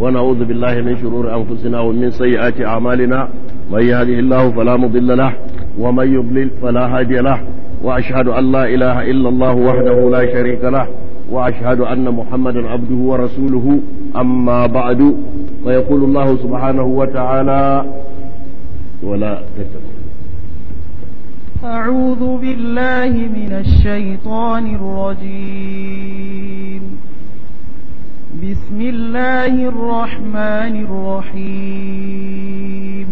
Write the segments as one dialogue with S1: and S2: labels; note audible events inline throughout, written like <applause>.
S1: ونعوذ بالله من شرور أنفسنا ومن سيئات أعمالنا من يهده الله فلا مضل له ومن يضلل فلا هادي له وأشهد أن لا إله إلا الله وحده لا شريك له وأشهد أن محمدا عبده ورسوله أما بعد فيقول الله سبحانه وتعالى ولا تتبع
S2: أعوذ بالله من الشيطان الرجيم بسم الله الرحمن الرحيم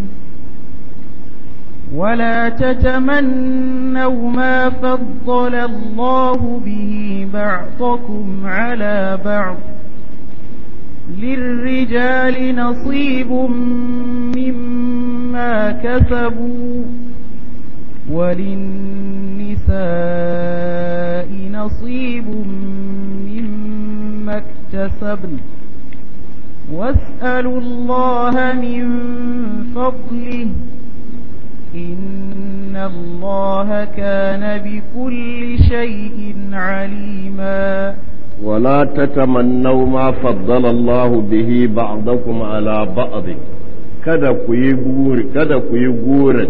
S2: ولا تتمنوا ما فضل الله به بعضكم على بعض للرجال نصيب مما كسبوا وللنساء نصيب مما اكتسبن واسألوا الله من فضله إن الله كان بكل شيء عليما
S1: ولا تتمنوا ما فضل الله به بعضكم على بعض kada ku yi guri kada ku yi gurin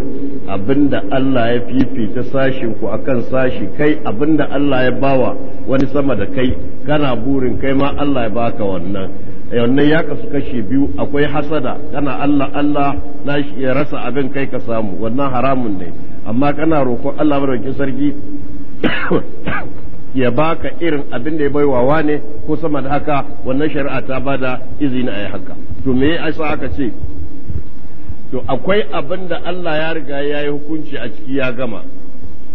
S1: abinda Allah ya fifita sashin ku akan sashi kai abinda Allah ya bawa wani sama da kai kana burin kai ma Allah ya baka wannan eh, wannan ya kasu kashe biyu akwai hasada kana Allah Allah na shi ya rasa abin kai ka samu wannan haramun ne amma kana roƙon Allah madaukin sarki
S2: <coughs>
S1: ya baka irin abin da ya bai wa ne ko sama da haka wannan shari'a ta bada izini a yi haka to me yasa aka ce to akwai abin da Allah ya riga ya yi hukunci a ciki ya gama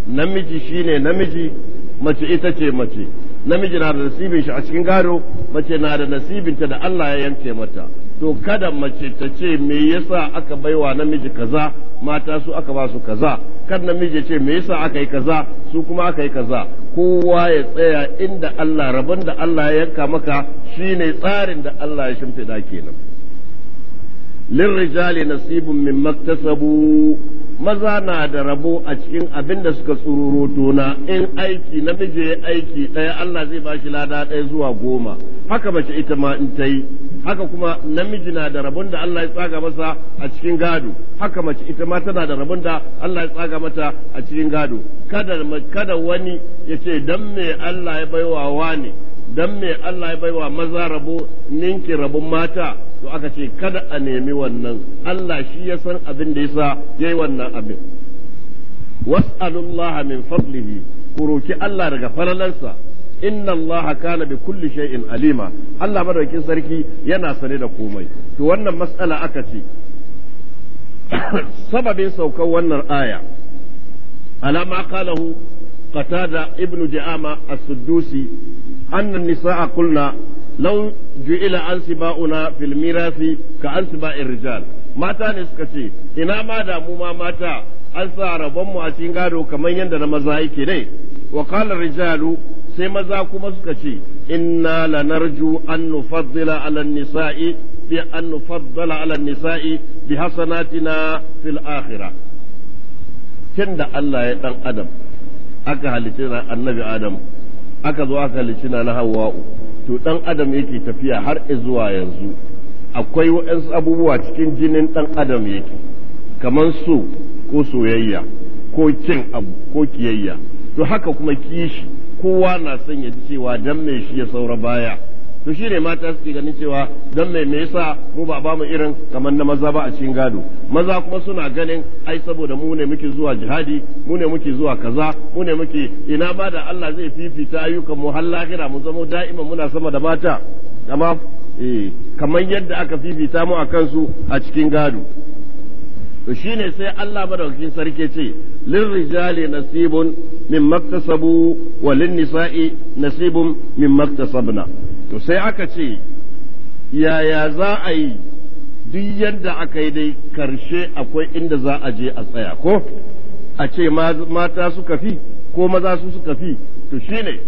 S1: namiji shine namiji mace ita ce mace namiji na da nasibin shi a cikin gado mace na da nasibin ta da Allah ya yanke mata to kada mace ta ce me yasa aka baiwa namiji kaza mata su aka ba su kaza kan namiji ce me yasa aka yi kaza su kuma aka yi kaza kowa ya tsaya inda Allah rabon da Allah ya yanka maka shine tsarin da Allah ya shimfiɗa kenan lirrijali nasibun min maktasabu maza na da rabo a cikin abin da suka tsururuto na in aiki namiji ya aiki ɗaya Allah zai bashi lada ɗaya zuwa goma haka mace ita ma in ta yi haka kuma namiji na da rabon da Allah ya tsaga masa a cikin gado haka mace ita ma tana da rabon da Allah ya tsaga mata a cikin gado kada kada wani ya ce dan me Allah ya baiwa ne dan me Allah ya baiwa maza rabo ninki rabon mata to aka ce kada a nemi wannan Allah shi ya san abin da yasa yayi wannan abin was'alullaha min fadlihi ku roki Allah daga falalansa inna Allah kana bi kulli shay'in alima Allah madaukin sarki yana sane da komai to wannan mas'ala aka ce <coughs> sababin saukar wannan aya alama qalahu قتادة ابن جعامة السدوسي أن النساء قلنا لو جئل أنسباؤنا في الميراث كأنسباء الرجال mata ne suka ce ina ma damu ma mata an sa rabonmu a cikin gado kamar yadda na maza yake dai wa qala sai maza kuma suka ce inna lanarju an nufaddila ala nisa'i Allah ya adam aka halicci annabi adam aka zo aka halicci na hawa'u to dan adam yake tafiya har zuwa yanzu akwai waɗansu abubuwa cikin jinin dan adam yake kamar so ko soyayya ko kin abu ko kiyayya to haka kuma kishi kowa na son ya ji cewa dan me shi ya saura baya to shi ne mata suke ganin cewa don mai me yasa mu ba bamu irin kamar na maza ba a cikin gado maza kuma suna ganin ai saboda mu ne muke zuwa jihadi mu ne muke zuwa kaza mu ne muke ina ma da Allah zai fifita ayyukan mu har lahira mu zama da'ima muna sama da mata amma eh kamar yadda aka fifita mu a kansu a cikin gado to shine sai Allah madaukakin sarki ce rijali nasibun min maktasabu wa lin nisa'i nasibun min maktasabna to sai aka ce yaya za a yi duk yadda aka yi dai karshe akwai inda za a je a tsaya ko a ce mata suka fi ko maza su suka fi to shi ne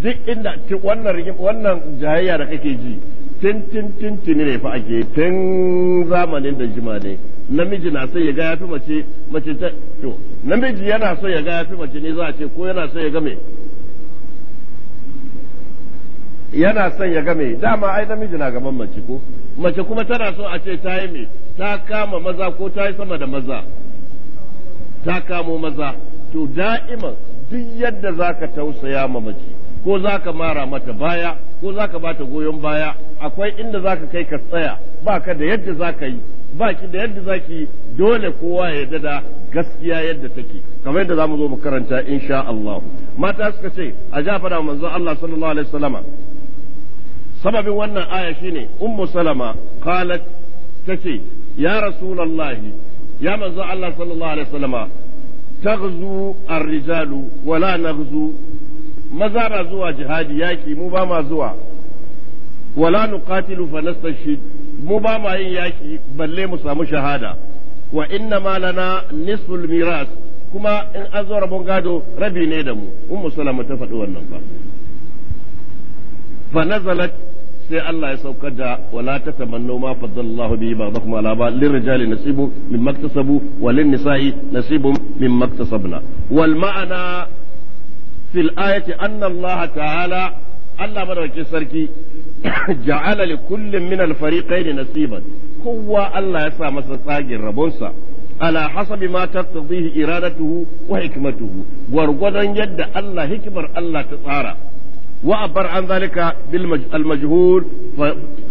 S1: duk inda wannan jayayya da kake ji tin tin tin ne fa ake tun zamanin da jima ne namiji na so ya ga yafi mace mace ta to namiji yana so ya ga yafi mace ne za a ce ko yana so ya ga me yana son ya game dama ai namiji na gaban mace ko mace kuma tana so a ce ta yi me ta kama maza ko ta yi sama da maza ta kamo maza to da'iman duk yadda za ka tausaya ma mace ko za ka mara mata baya ko za ka bata goyon baya akwai inda za ka kai ka tsaya ba ka da yadda za ka yi ba ki da yadda za ki dole kowa ya dada gaskiya yadda take kamar yadda za mu zo mu karanta insha Allah mata suka ce a jafa da manzon Allah sallallahu alaihi wasallama sababin wannan aya shine ummu salama qalat tace ya rasulullahi ya manzo Allah sallallahu alaihi wasallama taghzu ar-rijalu wala naghzu maza na zuwa jihadi yaki mu ba ma zuwa wala nuqatilu fa nastashhid mu ba ma yin yaki balle mu samu shahada wa inna ma lana nisful miras kuma in an zo rabon gado rabi ne da mu ummu salama ta faɗi wannan ba fa nazalat sai Allah ya saukar da wala ta tamannu ma faddallahu bi ba'dakum ala ba'd lirrijali nasibu mimma iktasabu wa lin-nisa'i nasibu mimma iktasabna wal ma'ana fil ayati anna Allah ta'ala Allah madaukakin sarki <coughs> ja'ala li kullin min al-fariqayn nasiban kowa Allah ya sa masa tsagin rabonsa ala hasabi ma taqdihi iradatuhu wa hikmatuhu gwargwadon yadda Allah hikimar Allah ta tsara وعبر عن ذلك بالمجهول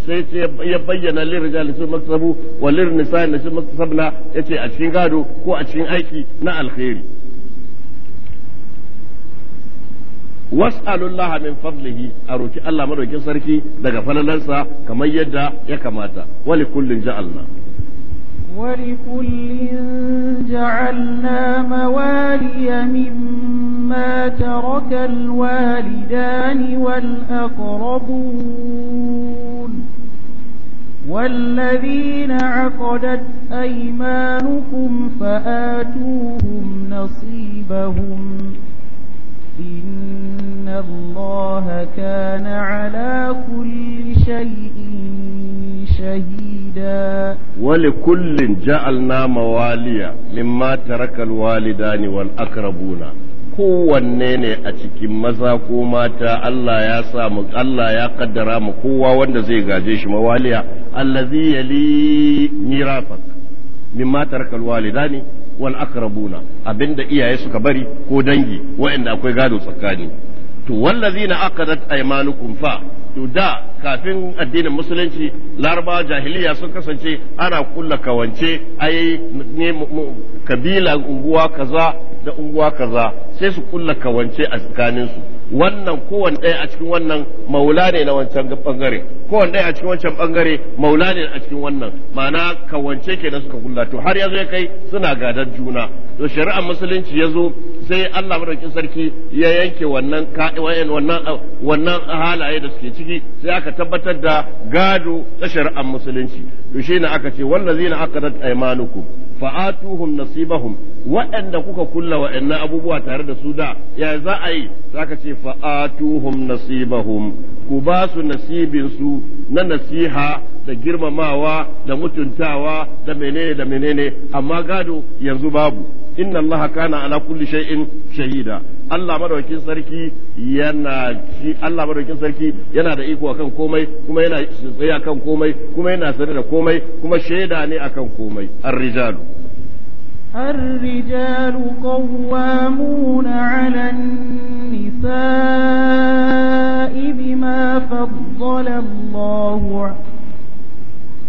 S1: sai ya bayyana lirrijali sun maksabu wa lirnisai na shi maksabna ya ce a cikin gado ko a cikin aiki na alkhairi was'alullah min fadlihi a roki Allah madaukin sarki daga falalansa kamar yadda ya kamata wali kullin
S2: مما ترك الوالدان والأقربون والذين عقدت أيمانكم فآتوهم نصيبهم إن الله كان على كل شيء شهيدا
S1: ولكل جعلنا مواليا مما ترك الوالدان والأقربون
S2: kowanne
S1: ne a cikin maza ko mata Allah ya sa mu Allah ya kaddara mu kowa wanda zai gaje shi mawaliya allazi yali mirafak mimma tarakal walidani wal aqrabuna abinda iyaye suka bari ko dangi waɗanda akwai gado tsakani to wallazina aqadat aymanukum fa to da kafin addinin musulunci larabawa jahiliya sun kasance ana kulla kawance ayi ne kabila unguwa kaza da unguwa kaza sai su kulla kawance a tsakaninsu wannan kowanne ɗaya a cikin wannan maula ne na wancan bangare Kowanne ɗaya a cikin wancan bangare maula ne a cikin wannan ma'ana kawance ke da suka kulla to har yazo ya kai suna gadar juna to shari'ar musulunci ya zo sai Allah madaukin sarki ya yanke wannan wannan wannan halaye da suke ciki sai aka tabbatar da gado ta shari'ar musulunci to shi ne aka ce wallazina aqadat aymanukum fa'atuhum nasibahum waɗanda kuka kulla waɗannan abubuwa tare da su da ya za a yi zaka ce fa'atuhum nasibahum ku ba su nasibin su na nasiha da girmamawa da mutuntawa da menene da menene amma gado yanzu babu inna allaha kana ala kulli shay'in shahida Allah madaukakin sarki yana shi Allah madaukakin sarki yana da iko akan komai kuma yana tsaye akan komai kuma yana sane da komai kuma shaida ne akan komai ar-rijalu
S2: الرجال قوامون على النساء بما فضل الله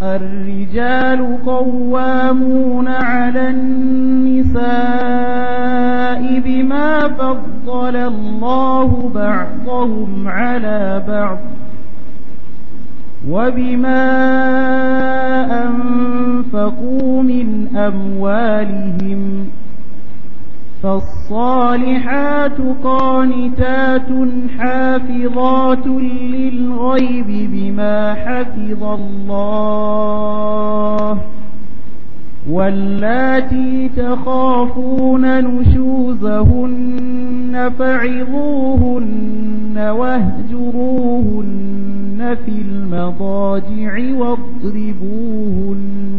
S2: الرجال قوامون على النساء بما فضل الله بعضهم على بعض وبما أنفقوا من أموالهم فالصالحات قانتات حافظات للغيب بما حفظ الله واللاتي تخافون نشوزهن فعظوهن واهجروهن في المضاجع واضربوهن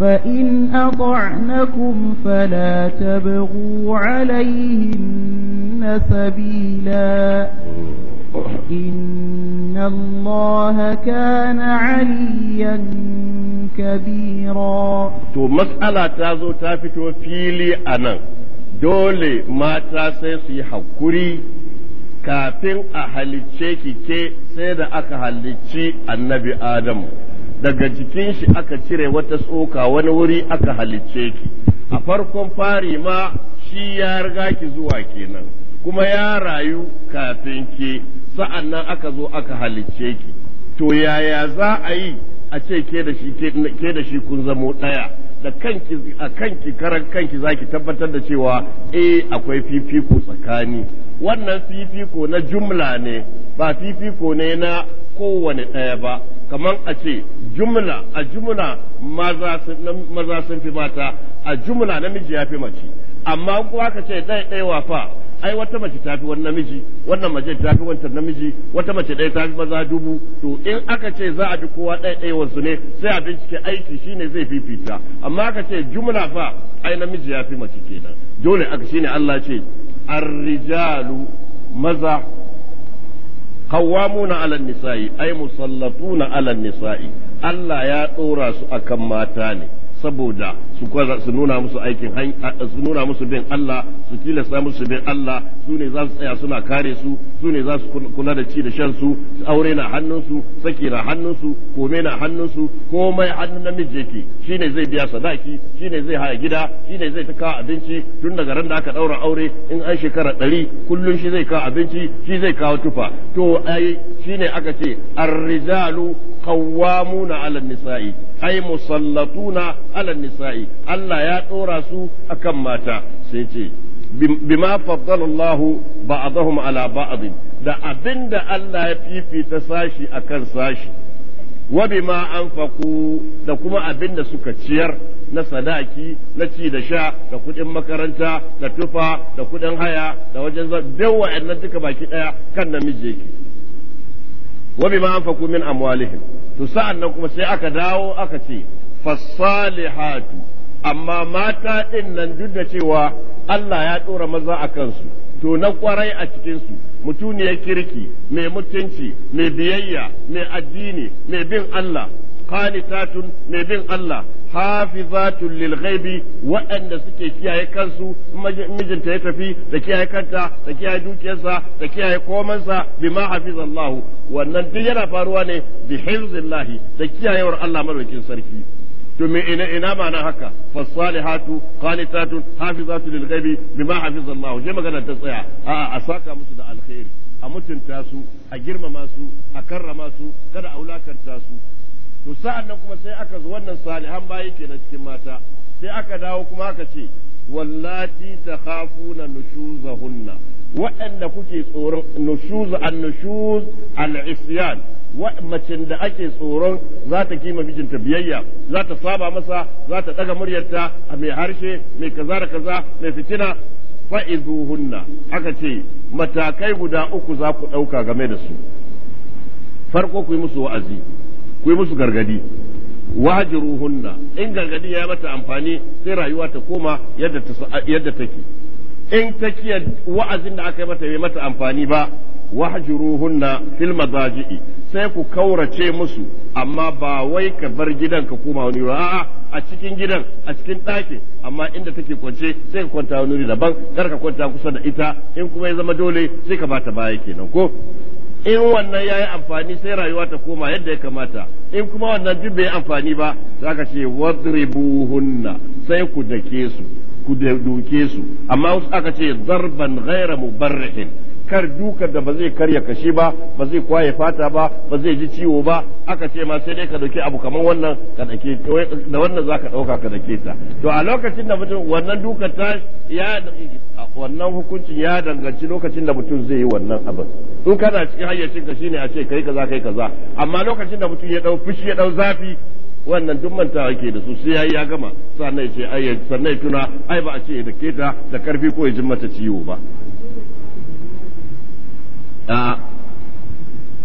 S2: فإن أطعنكم فلا تبغوا عليهن سبيلا إن الله كان عليا كبيرا
S1: تو مسألة تازو تافتو فيلي أنا dole mata sai su yi haƙuri kafin a halicce ki ke sai da aka halicci annabi Adamu. daga jikin shi aka cire wata tsoka wani wuri aka halicce ki a farkon fari ma shi ya riga ki zuwa kenan kuma ya rayu kafin ki sa'an nan aka zo aka halicce ki to yaya za a yi a ce ke da shi kun zamo ɗaya da kanki a kanki karan kanki zaki tabbatar da cewa eh akwai fifiko tsakani wannan fifiko na jumla ne ba fifiko ne na kowane ɗaya ba kamar a ce jumla a jumla maza sun fi mata a jumla namiji ya fi mace amma kuwa ka ce ɗaya ɗaya fa ai wata mace ta fi wani namiji wannan mace ta fi wancan namiji wata mace ɗaya ta fi maza dubu to in aka ce za a bi kowa ɗaya ɗaya wasu ne sai a bincike aiki shine zai fifita amma aka ce jumla fa ai namiji ya fi mace kenan dole aka shine Allah ce ar-rijalu maza ay musallatuna 'ala an nisa'i Allah ya ɗora su akan mata ne. saboda su nuna musu aikin su nuna musu bin Allah su tilasta musu bin Allah su ne za su tsaya suna kare su su ne za su kula da ci da shan su aure na hannunsu saki na hannunsu kome na hannunsu komai hannun namiji yake ne zai biya sadaki ne zai haya gida ne zai ta kawo abinci tun daga ran da aka daura aure in an shekara ɗari kullum shi zai kawo abinci shi zai kawo tufa to ai shine aka ce ar Hauwamu qawwamuna 'ala nisai ay musallatuna ala nisa'i Allah ya ɗora su akan mata sai ce bima faddala Allah ba'dahum ala ba'd da abinda Allah ya fifita sashi akan sashi wa bima anfaqu da kuma abinda suka ciyar na sadaki na ci da sha da kuɗin makaranta da tufa da kuɗin haya da wajen duk wa'annan duka baki ɗaya kan namiji yake wa bima anfaqu min amwalihim to sa'an nan kuma sai aka dawo aka ce fasalihatu amma mata ɗin nan duk da cewa Allah ya ɗora maza a kansu to na kwarai a cikinsu mutuniyar kirki mai mutunci mai biyayya mai addini mai bin Allah qanitatun mai bin Allah hafizatun lil waɗanda suke kiyaye kansu mijinta ya tafi da kiyaye kanta da kiyaye dukiyarsa da kiyaye komansa bima hafizallahu wannan duk yana faruwa ne bi hifzillahi da kiyayewar Allah madaukakin sarki to me ina ina ba na haka fasalihatu qanitatun hafizatu lilghaibi ghaibi bima hafizallahu je magana ta tsaya a a saka musu da alkhairi a mutunta su a girmama su a karrama su kada a wulakanta su to sa'an nan kuma sai aka zo wannan salihan bayi kenan cikin mata sai aka dawo kuma aka ce wallati takhafuna nushuzahunna waɗanda kuke tsoron nushuz an nushuz al isyan macen da ake tsoron za ta kima mijinta biyayya za ta saba masa za ta daga muryarta a mai harshe mai kaza da kaza mai fitina fa'izuhunna aka ce matakai guda uku za ku ɗauka game da su farko ku yi musu wa'azi ku yi musu gargadi wajiruhunna in gargadi ya mata amfani sai rayuwa ta koma yadda take in takiya wa'azin da aka yi mata bai mata amfani ba wahjuruhunna fil mazaji'i sai ku kaurace musu amma ba wai ka bar gidan ka koma wani ba a'a a cikin gidan a cikin ɗakin amma inda take kwance sai ka kwanta wani wuri daban kar ka kwanta kusa da ita in kuma ya zama dole sai ka bata baya kenan ko in wannan ya yi amfani sai rayuwa ta koma yadda ya kamata in kuma wannan duk bai amfani ba za ka ce wadribuhunna sai ku dake su ku duke su amma wasu aka ce zarban ghaira mubarrihin kar dukar da ba zai karya kashi ba ba zai kwaye fata ba ba zai ji ciwo ba aka ce ma sai dai ka dauki abu kamar wannan ka dake da wannan zaka dauka ka dake ta to a lokacin da mutum wannan dukar ta ya wannan hukuncin ya danganci lokacin da mutum zai yi wannan abin in kana cikin hayyacin ka shine a ce kai kaza kai kaza amma lokacin da mutum ya dau fushi ya dau zafi wannan duk mantawa yake da su sai ya gama sannan ce ai sannan tuna ai ba a ce da keta da karfi ko ya mata ciwo ba a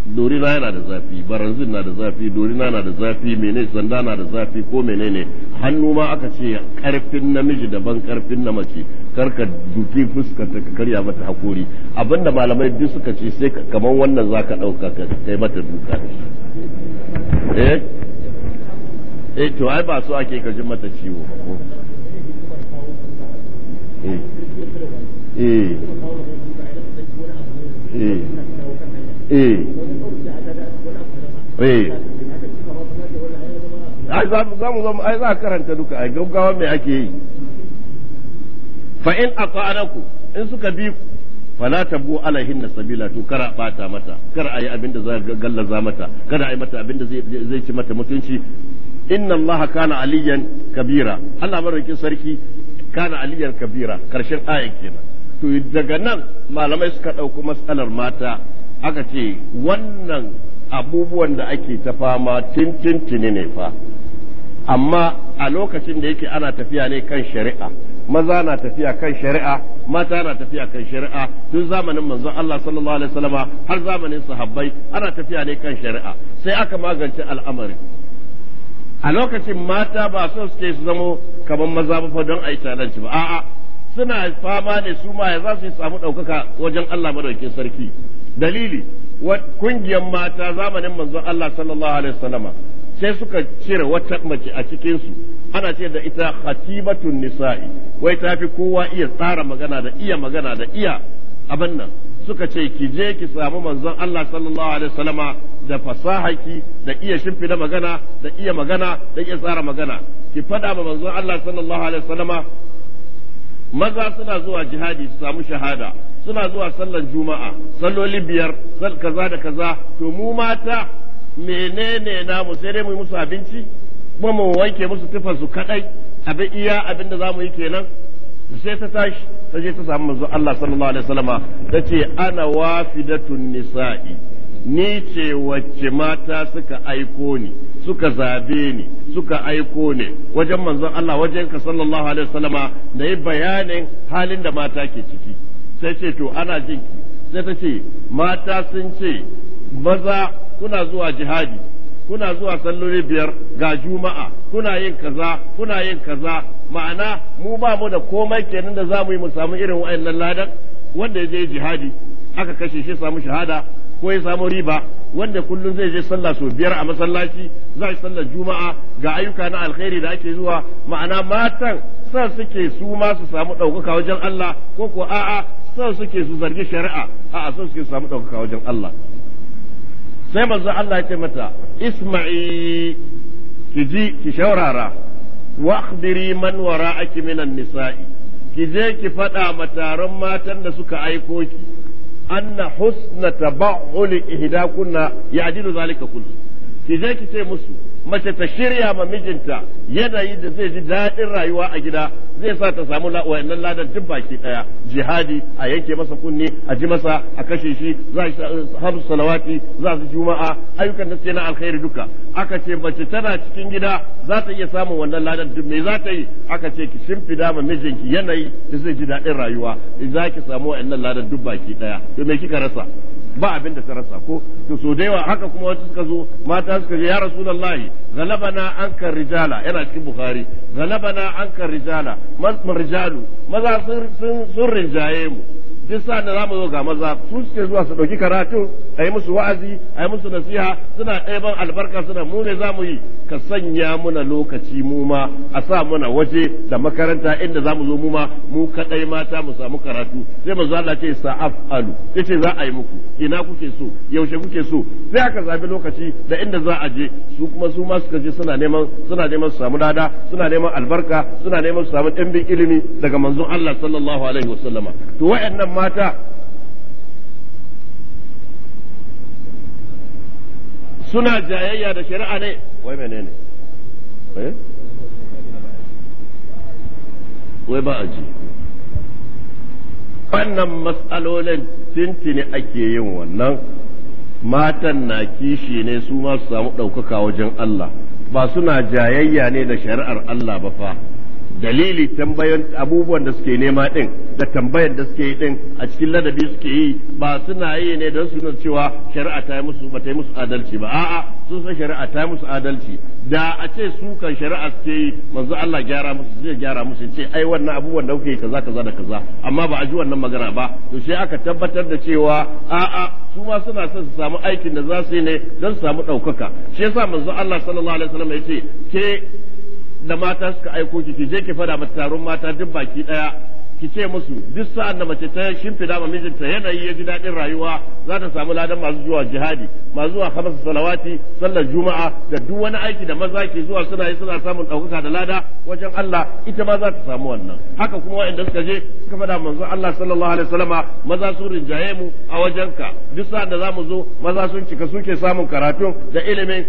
S1: dorina yana da zafi baranzin na da zafi dorina na da zafi mene sanda na da zafi ko menene hannu ma aka ce karfin namiji daban karfin na mace karka duki fuskanta ka karya mata hakori abinda malamai duk suka ce sai kamar wannan zaka dauka ka kai mata duka eh eh to ai ba su ake ka ji mata ciwo eh. eh
S2: eh eh eh
S1: ai za mu karanta duka ai gaggawa ake yi fa in in suka bi ku fala tabu alaihin na sabila to kar bata mata kar a yi za gallaza mata a yi mata zai ci mata mutunci inna allaha kana aliyan kabira Allah mararki sarki kana aliyan kabira karshen ke kenan to daga nan malamai suka ɗauko matsalar mata aka ce wannan abubuwan da ake ta fama tintintini ne fa amma a lokacin da yake ana tafiya ne kan shari'a maza na tafiya kan shari'a mata na tafiya kan shari'a tun zamanin manzon Allah sallallahu alaihi wasallama har zamanin sahabbai ana tafiya ne kan shari'a sai aka magance al'amari. a lokacin mata ba so suke su zamo kamar maza ba fa don a yi talanci ba a'a suna fama ne su ma ya za su samu ɗaukaka wajen Allah madaukin sarki dalili kungiyar mata zamanin manzon Allah sallallahu alaihi wasallama sai suka cire wata mace a cikin su ana ce da ita khatibatun nisa'i wai tafi kowa iya tsara magana da iya magana da iya abin nan suka ce ki je ki samu manzon Allah sallallahu alaihi wasallama da fasahaki da iya shimfida magana da iya magana da iya tsara magana ki fada ma manzon Allah sallallahu alaihi wasallama maza suna zuwa jihadi su samu shahada suna zuwa sallan juma'a salloli biyar sal kaza da kaza to mu mata menene namu sai dai mu musu abinci kuma mu wanke musu tufansu kadai abin iya abin da za yi kenan sai ta tashi ta je ta samu manzo Allah sallallahu alaihi wasallama ta ce ana wafidatun nisa'i ni ce wacce mata suka aiko ni suka zabe ni suka aiko ne wajen manzon Allah wajen ka sallallahu alaihi wasallama da yi bayanin halin da mata ke ciki sai ce to ana jinki sai ta ce mata sun ce maza kuna zuwa jihadi kuna zuwa salloli biyar ga juma'a kuna yin kaza kuna yin kaza ma'ana mu ba mu da komai kenan da za mu yi mu samu irin wa'annan ladan wanda ya je jihadi aka kashe shi samu shahada ko ya samu riba wanda kullum zai je sallah sau biyar a masallaci za shi sallar juma'a ga ayyuka na alkhairi da ake zuwa ma'ana matan san suke su ma su samu ɗaukaka wajen Allah ko ko a'a san suke su zargi shari'a a'a san suke su samu ɗaukaka wajen Allah sai manzo Allah ya ce mata isma'i ki ji ki shaurara wa akhbiri man wara'aki minan nisa'i ki je ki fada ma taron matan da suka aiko ki anna husna li ihdakunna ya'dilu zalika kullu ki je ki ce musu mace ta shirya ma mijinta yanayi da zai ji daɗin rayuwa a gida zai sa ta samu wayannan ladan duk baki ɗaya jihadi a yanke masa kunne a ji masa a kashe shi za a hamsu eh, salawati za su juma'a ayyukan da suke na alkhairi duka aka ce mace tana cikin gida za ta iya samun wannan ladan duk me za ta yi aka ce ki shimfida ma mijinki yanayi da zai ji daɗin rayuwa za ki samu wayannan ladan duk baki ɗaya to me kika rasa ba abin da ta rasa ko to so da yawa haka kuma wasu suka zo mata suka je ya rasulullahi galabana anka rijala yana cikin bukhari galabana anka rijala man rijalu maza sun sun rinjaye mu duk sa da zamu zo ga maza su suke zuwa su dauki karatu a yi musu wa'azi a yi musu nasiha suna ɗeban albarka suna mu ne zamu yi ka sanya muna lokaci mu ma a sa muna waje da makaranta inda zamu zo mu ma mu kadai mata mu samu karatu sai mu zalla ce sa'afalu yace za a yi muku ina kuke so yaushe kuke so sai aka zabi lokaci da inda za a je su kuma su ma suka je suna neman suna neman su samu dada suna neman albarka suna neman su samu ɗimbin ilimi daga manzon Allah sallallahu alaihi wasallama to wa'annan mata suna jayayya da shari'a ne wai menene eh? wai ba a wannan matsalolin tintini ake yin wannan matan na kishi ne su ma su samu ɗaukaka wajen Allah ba suna jayayya ne da shari'ar Allah ba fa dalili tambayan abubuwan da suke nema din da tambayar da suke yi din a cikin ladabi suke yi ba suna yi ne don su nuna cewa shari'a ta yi musu ba ta yi musu adalci ba a'a sun san shari'a ta yi musu adalci da a ce su kan shari'a suke yi manzo Allah gyara musu zai gyara musu ce ai wannan abubuwan da kuke kaza kaza da kaza amma ba a ji wannan magana ba to sai aka tabbatar da cewa a'a su ma suna son su samu aikin da za su yi ne don su samu ɗaukaka shi yasa manzo Allah sallallahu alaihi wasallam ya ce ke da mata suka aiko ki ki je ki fada mata taron mata duk baki daya ki ce musu duk sa'an da mace ta shimfida ma mijinta yanayi ya ji daɗin rayuwa za ta samu ladan masu zuwa jihadi masu zuwa hamsa salawati sallar juma'a da duk wani aiki da maza ke zuwa suna yi suna samun ɗaukaka da lada wajen Allah ita ma za ta samu wannan haka kuma wa'inda suka je suka faɗa manzo Allah sallallahu alaihi wasallama maza sun rinjaye mu a wajenka duk sa'an da zamu zo maza sun cika suke samun karatun da ilimin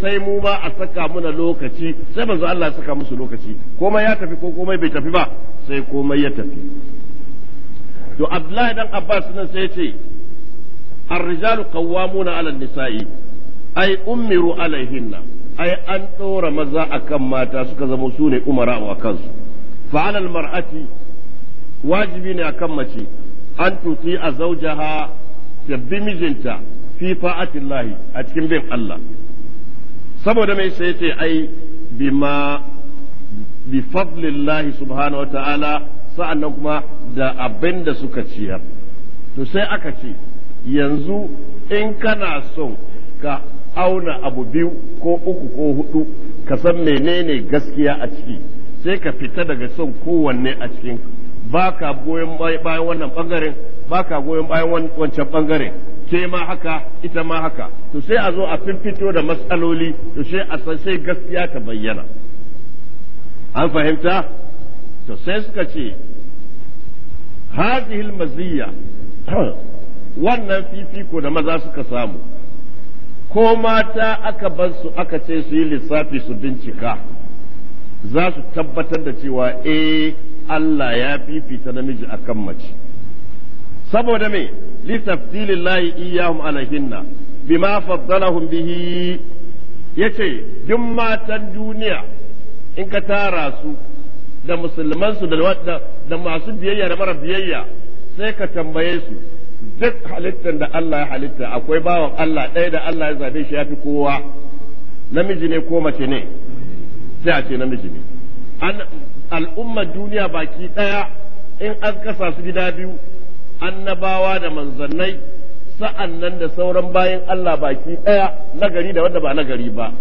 S1: sai mu ma a saka muna lokaci sai manzo Allah ya saka musu lokaci komai ya tafi ko komai bai tafi ba sai komai ya To Abdullahi dan Abbas na ce har Rijalu kawo munanan alal nisa'i ai umminu alaihinna ai an ɗora maza akan mata suka zama sune umara a kansu. Fa alal mar'aci wajibi ne akan mace an tufi a zaujaha tafi mijinta fifa ati a cikin bin Allah saboda mai sai ce ai bi ma bi fas lilahi subhana ta'ala. sa'annan kuma da abin da suka ciyar to sai aka ce yanzu in kana son ka auna abu biyu ko uku ko hudu ka san menene gaskiya a ciki sai ka fita daga son kowanne a cikin baka goyon bayan wannan bangaren baka goyon bayan wancan bangaren ke ma haka ita ma haka to sai a zo a fito da matsaloli to sai a san sai gaskiya ta bayyana an fahimta to sai suka ce hazihil maziyya wannan fifiko da maza suka samu ko mata aka bar su aka ce su yi lissafi su bincika za su tabbatar da cewa eh Allah ya fifita namiji akan mace saboda me li tafsilillahi iyahum alahinna bima faddalahum bihi yace duk matan duniya in ka tara su da musulmansu da da masu biyayya da mara biyayya sai ka tambaye su duk halittar da Allah ya halitta akwai bawan Allah ɗaya da Allah ya zabe shi ya fi kowa namiji ne ko mace ne sai a ce namiji ne al'ummar duniya baki ɗaya in an kasa su gida biyu annabawa da manzannai sa'an nan da sauran bayan Allah baki ɗaya nagari da wanda ba nagari ba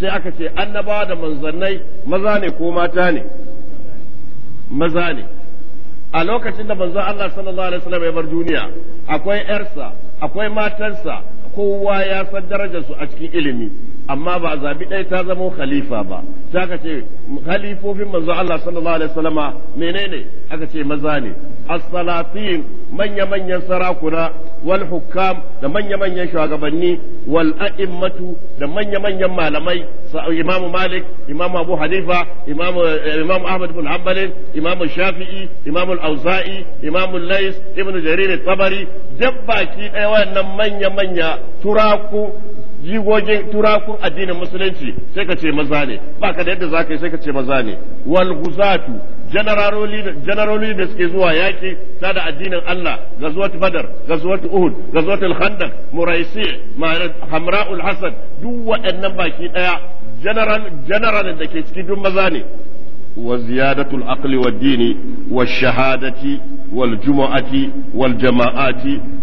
S1: sai aka ce annabawa da manzannai maza ne ko mata ne maza ne a lokacin da manzo Allah sallallahu alaihi wasallam ya bar duniya akwai yarsa akwai matansa kowa ya san darajarsu a cikin ilimi amma ba a zabi ɗaya ta zama khalifa ba sai aka ce khalifofin manzo Allah sallallahu alaihi wasallama menene aka ce maza ne as-salatin manya-manyan sarakuna wal hukam da manya-manyan shugabanni wal a'immatu da manya-manyan malamai imamu malik imamu abu hanifa imamu eh, imamu ahmad bin hanbal imamu shafi'i imamu al-auza'i imamu lais ibn jarir at-tabari duk baki ɗaya wannan manya-manya turaku jigogin turakun addinin musulunci sai ka ce maza ne ba ka da yadda za ka yi sai ka ce maza ne wal guzatu generaloli da suke zuwa yaƙi ta da addinin Allah ga zuwat badar ga zuwat uhud gazuwat al-khandaq muraisi hamra'ul hasad duk waɗannan baki ɗaya general da ke cikin duk maza ne wa ziyadatul aqli wad dini wa shahadati wal jumu'ati wa'annan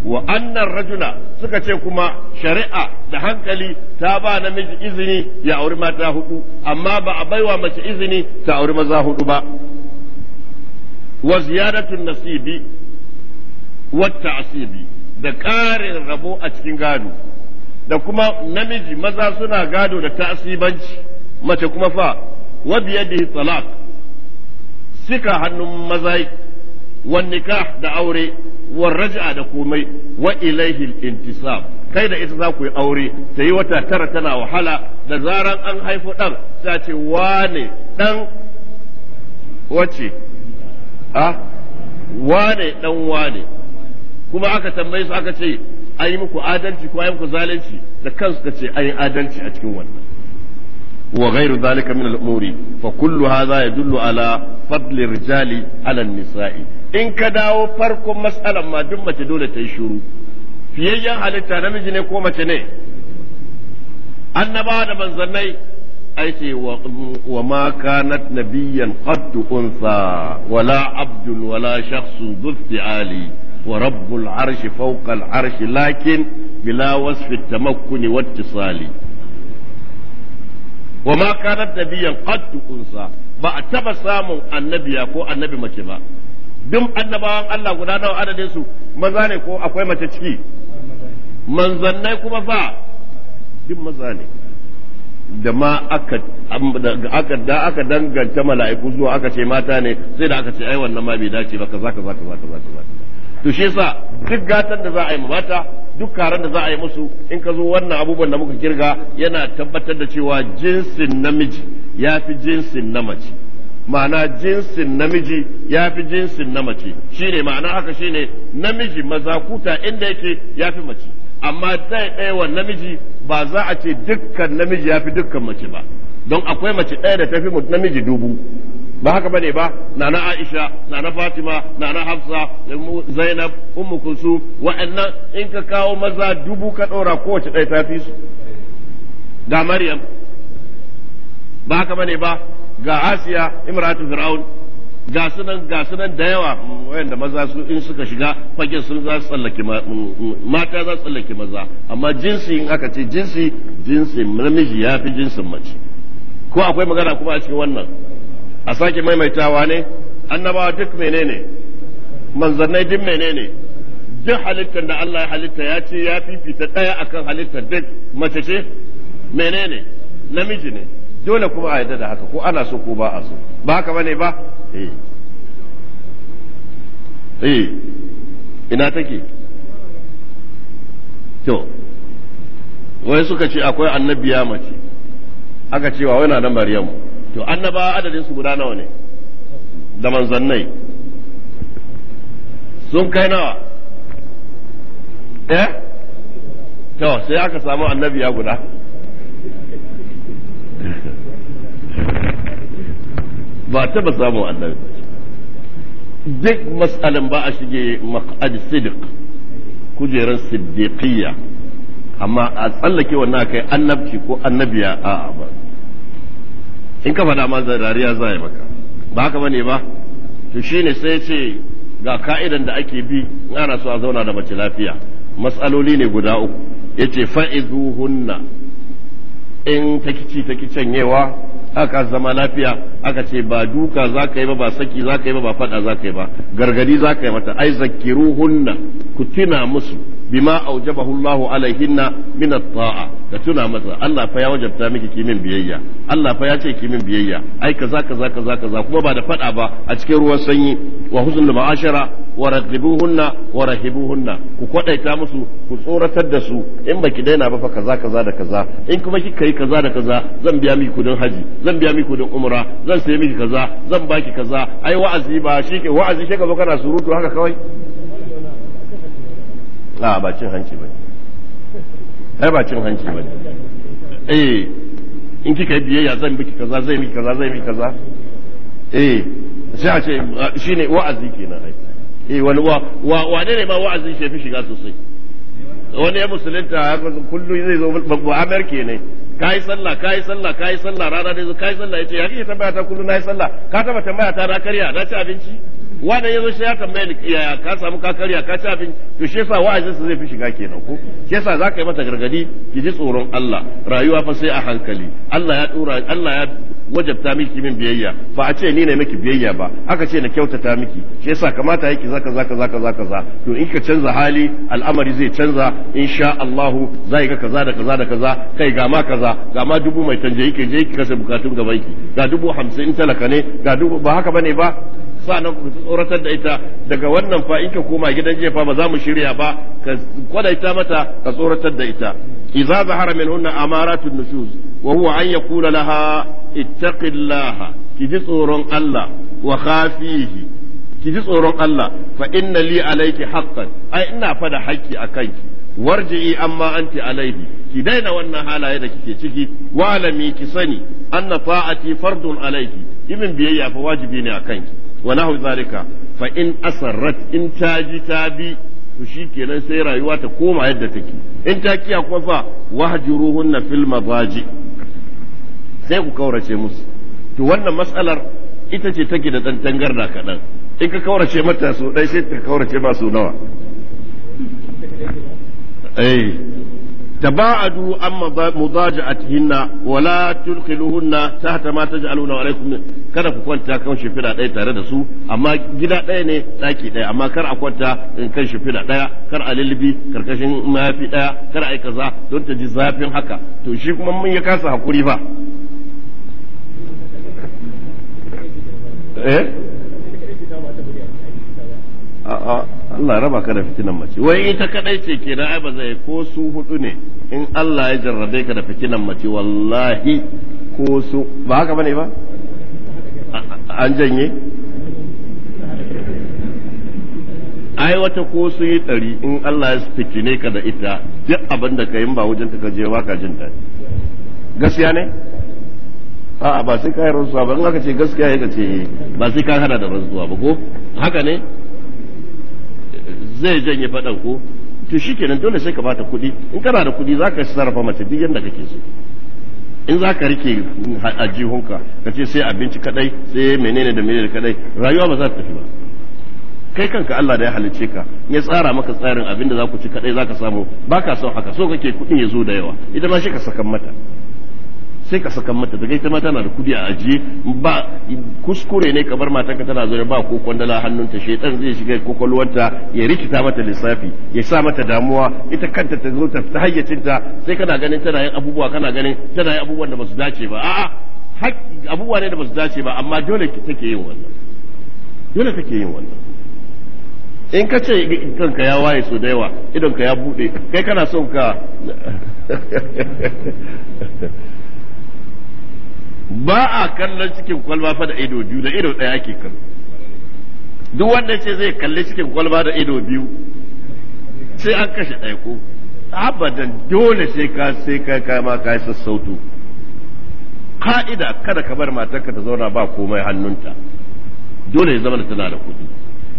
S1: jama'ati suka ce kuma shari'a da hankali ta ba namiji izini ya auri mata huɗu amma ba a baiwa mace izini ta auri maza huɗu ba wa ziyaratun nasibi wa ta'sibi da ƙarin rabo a cikin gado da kuma namiji maza suna gado da ta'asibanci mace kuma fa wa biyadihi talaq sika hannun maza wan nikah da aure war raj'a da komai wa ilaihi al kai da ita za ku yi aure ta yi wata tara tana wahala da zaran an haifu dan ta ce wane dan wace a wane dan wane kuma aka tambaye su aka ce an yi muku adalci ko an yi muku zalunci da kansu ka ce an yi adalci a cikin wannan wa ghairu zalika min al-umuri fa kullu ya yadullu ala fadli rijali ala an-nisa'i in ka dawo farkon matsalan ma duk mace dole ta yi shuru fiyayyen halitta namiji ne ko mace ne annabawa da manzannai aiki wa ma kanat nabiyyan qaddu unsa wala Abdul, wala shakhsun Ali, wa rabbul arsh fawqa al arsh lakin bila wasfi tamakkun wa ittisali wa ma kanat nabiyyan qaddu unsa ba a taba samun annabiya ko annabi mace ba duk annabawan Allah guda nawa adadin su maza ne ko akwai mace ciki manzannai kuma fa duk maza ne da ma aka da aka danganta mala'iku zuwa aka ce mata ne sai da aka ce ai wannan ma bai dace ba kaza kaza kaza kaza kaza to shi yasa duk gatan da za a yi mata duk karan da za a yi musu in ka zo wannan abubuwan da muka kirga yana tabbatar da cewa jinsin namiji ya fi jinsin na mace ma'ana jinsin namiji ya fi jinsin na mace shine ma'ana haka shine namiji mazakuta inda yake ya fi mace amma ɗaya ɗaya wa namiji ba za a ce dukkan namiji ya fi dukkan mace ba don akwai mace ɗaya da ta fi namiji dubu ba haka ba ne ba na Aisha na na Fatima na na Hafsa Zainab Ummu Kulsum wa'annan in ka kawo maza dubu ka ɗora kowace ɗaya ta fi su ga Maryam ba haka ba ne ba ga asiya imratu fir'aun ga sunan ga sunan da yawa wayanda maza su in suka shiga fagen sun za su tsallake mm, mm, mata za su tsallake maza amma jinsi in aka ce jinsi jinsi namiji ya fi jinsin mace ko akwai magana kuma a cikin wannan a sake maimaitawa ne annabawa duk menene manzannai duk menene duk halittar da Allah ya halitta ya ce ya fifita ɗaya akan halittar duk mace ce menene namiji ne dole kuma a yadda da haka ko ana so ko ba a so ba haka bane ba eh eh ina take to wai suka ce akwai annabiya mace aka cewa wai na da maryamu to annaba adadin su guda nawa ne da manzannai sun kai nawa eh to sai aka samu annabiya guda ba taba samun annabi duk mas'alan ba a shige maq'ad sidik kujerar siddiqiyya amma a tsallake wannan kai annabci ko annabiya a ba in ka faɗa ma dariya za yi maka ba haka bane ba to shine sai ce ga ka'idan da ake bi in ana so a zauna da mace lafiya matsaloli ne guda uku yace fa'izuhunna in ta kici ta kicen yewa aka zama lafiya aka ce ba duka za ka yi ba ba saki za ka yi ba ba fada za ka yi ba gargadi za ka yi mata ai zakiruhunna ku tuna musu bima aujabahu Allahu alaihinna min at-ta'a ka tuna masa Allah fa ya wajabta miki kimin biyayya Allah fa ya ce kimin biyayya ai kaza kaza kaza kaza kuma ba da fada ba a cikin ruwan sanyi wa husnul ma'ashara wa raqibuhunna wa rahibuhunna ku kwadaita musu ku tsoratar da su in baki daina ba fa kaza kaza da kaza in kuma kika yi kaza da kaza zan biya miki kudin haji zan biya miki kudin umra zan sayi miki kaza zan baki kaza ai wa'azi ba shi wa'azi shi ka zo kana surutu haka kawai a ah, ba cin hanci ba ai ba cin hanci ba eh in kika yi biyayya zan miki kaza zai miki kaza zai miki kaza eh sai a ce shine wa'azi kenan ai eh wani wa wa ne ma wa'azi shi fi shiga sosai wani ya musulunta har kullum zai zo babu ke ne kai sallah kai sallah kai sallah rana zo kai sallah yace ya ki tabbata ta kullum nayi sallah ka taba tambaya ta na karya na ci abinci wannan yanzu shi ya tambaye ni yaya ka samu ka karya ka ci abin to shi yasa wa'azin sa zai fi shiga kenan ko shi yasa zaka yi mata gargadi ki ji tsoron Allah rayuwa fa sai a hankali Allah ya dora Allah ya wajabta miki min biyayya ba a ce ni ne miki biyayya ba aka ce na kyautata miki shi yasa kamata yake zaka zaka zaka zaka za to in ka canza hali al'amari zai canza insha Allah zai ga kaza da kaza da kaza kai ga ma kaza ga ma dubu mai tanje yake je ki kasa bukatun gaban ki ga dubu hamsin talaka ne ga dubu ba haka bane ba sa'annan ku tsoratar da ita daga wannan fa in ka koma gidan jefa ba za mu shirya ba ka kwadaita mata ka tsoratar da ita idza zahara minhunna amaratun nushuz wa huwa an yaqula laha ittaqillaha ki ji tsoron Allah wa khafihi ki ji tsoron Allah fa inna li alayki haqqan ai ina fada haƙƙi akan ki warji'i amma anti alaihi ki daina wannan halaye da kike ciki walami ki sani anna ta'ati fardun alayki ibin biyayya fa wajibi ne akan ki wa nahu zalika fa in asarrat in ta ji ta bi su shi kenan sai rayuwa ta koma yadda take in ta kiya kuma fa wahjuruhunna filma mabaji sai ku kaurace musu to wannan matsalar ita ce take da dan tangarda kaɗan in ka kaurace mata so ɗai sai ta kaurace ba so nawa eh. تباعدوا عن مضاجعتهن ولا تدخلوهن تحت ما تجعلون عليكم kada ku kwanta kan shimfiɗa ɗaya tare da su amma gida ɗaya ne ɗaki ɗaya amma kar a kwanta kan shimfiɗa ɗaya kar a lullubi karkashin mayafi ɗaya kar a yi kaza don ta ji zafin haka to shi kuma mun ya kasa hakuri ba Allah raba ka da fitinan mace wai ita kadai ce ke ai ba zai ko su hudu ne in Allah ya jarrabe ka da fitinan mace wallahi ko su ba haka bane ba an janye ai wata ko su yi dari in Allah ya fitine ka da ita duk abin da ka yi ba wajen ta kaje ba ka jin daɗi gaskiya ne a'a ba sai ka yi ba in aka ce gaskiya ya ce ba sai ka hada da rantsuwa ba ko haka ne zai janye faɗan ko to shi kenan dole sai ka bata kuɗi in kana da kuɗi zaka sarrafa mace duk yanda kake so in za ka rike a jihunka ka ce sai abinci kadai sai menene da menene kadai rayuwa ba za ta tafi ba kai kanka Allah da ya halicce ka ya tsara maka tsarin abinda da za ku ci kadai za ka samu ba ka haka so kake kuɗin ya zo da yawa idan ma shi ka sakan mata sai ka sakan mata daga ita ma tana da kudi a ajiye ba kuskure ne ka bar matanka tana zuwa ba ko kwandala hannunta shedan zai shiga kokolwanta ya rikita mata lissafi ya sa mata damuwa ita kanta ta zo ta fita hayyacinta sai kana ganin tana yin abubuwa kana ganin tana yin abubuwan da ba su dace ba a'a abubuwa ne da ba su dace ba amma dole take yin wannan dole take yin wannan in ka ce kanka ya waye so da yawa idonka ya bude kai kana son ka <laughs> ba a kallon cikin kwalba fa da ido biyu da ido ɗaya ake kallo duk wanda ce zai kalli cikin kwalba da ido biyu sai an kashe ɗaya ko abadan dole sai ka sai ka kama ka sassauto ka'ida kada ka bar matarka ta zauna ba komai hannunta dole ya zama tana da kuɗi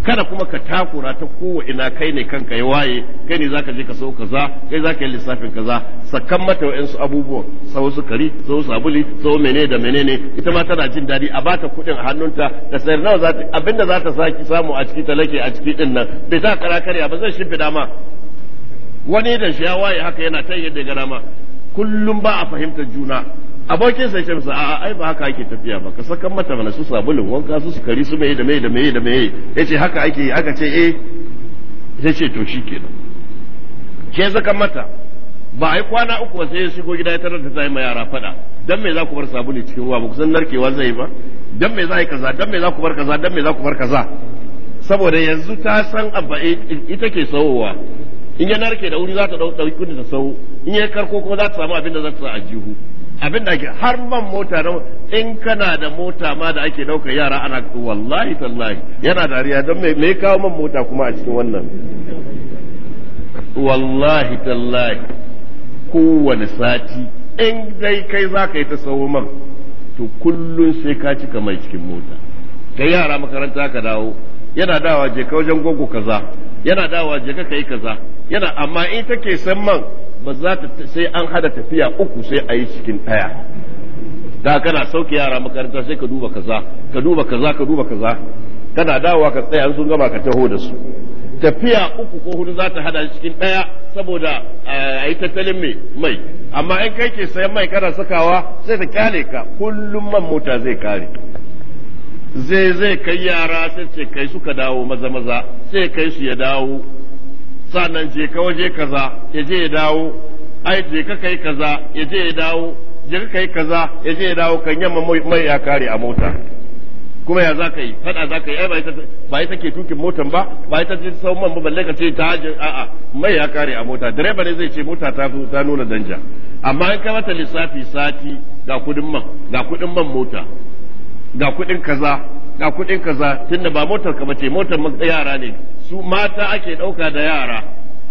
S1: kada kuma ka takura ta kowa ina kai ne kanka ya waye kai ne zaka je ka so kaza kai zaka yi lissafin kaza sakan mata 'yansu abubuwan sau su kari sau sabuli sau menene da menene ita ma tana jin daɗi a bata kuɗin a hannunta da sayar nawa za ta abinda za ta saki samu a ciki talake a ciki din nan bai ta kara karya ba zai shimfiɗa ma wani da shi ya waye haka yana ta yadda gara ma kullum ba a fahimtar juna abokin sai ce masa a ai ba haka ake tafiya ba ka sakan mata mana su sabulun wanka su su kari su mai da mai da mai da mai yace haka ake aka ce eh ya ce to shikenan ke sakan mata ba ai kwana uku sai ya shigo gida ya tarar da zai ma yara fada dan me za ku bar sabulu cikin ruwa ba ku san narkewa zai ba dan me za yi kaza dan me za ku bar kaza dan me za ku bar kaza saboda yanzu ta san abba eh, ita ke sauwa in ya narke da wuri za ta dauki kudin ta sau in ya karko kuma za ta samu abin da za ta sa a jihu abin da ake har man mota na in kana da mota ma da ake ɗaukar yara ana wallahi tallahi yana dariya don me kawo man mota kuma a cikin wannan wallahi tallahi kowane sati in dai kai za ka yi ta sawo man to kullum sai ka cika mai cikin mota da yara makaranta ka dawo yana dawa je ka wajen gogo kaza yana dawa je ka kai kaza yana amma in take san man ba za ta sai an hada tafiya uku sai a yi cikin ɗaya da kana sauke yara makaranta sai ka duba kaza ka duba kaza ka duba kaza kana dawowa ka tsaya sun gama ka taho da su tafiya uku ko hudu za ta hada cikin ɗaya saboda eh, a yi tattalin mai mai amma in kai ke sayan mai kana sakawa sai ta kyale ka kullum man mota zai kare zai zai kai yara sai ce kai suka dawo maza maza sai kai su ya dawo sannan je ka waje kaza ya je ya dawo ai je ka kai kaza ya je ya dawo je ka kai kaza ya je ya dawo kan yamma mai ya kare a mota kuma ya zaka yi fada zaka yi ai ba ita bai ita ke tukin motan ba ba ta ce sau man ba balle ka ce ta hajin a'a mai ya kare a mota direba ne zai ce mota ta ta nuna danja amma in ka mata lissafi sati ga kudin man ga kudin man mota ga kudin kaza ga kuɗin kaza tunda ba motar ka bace motar yara ne su mata ake ɗauka da yara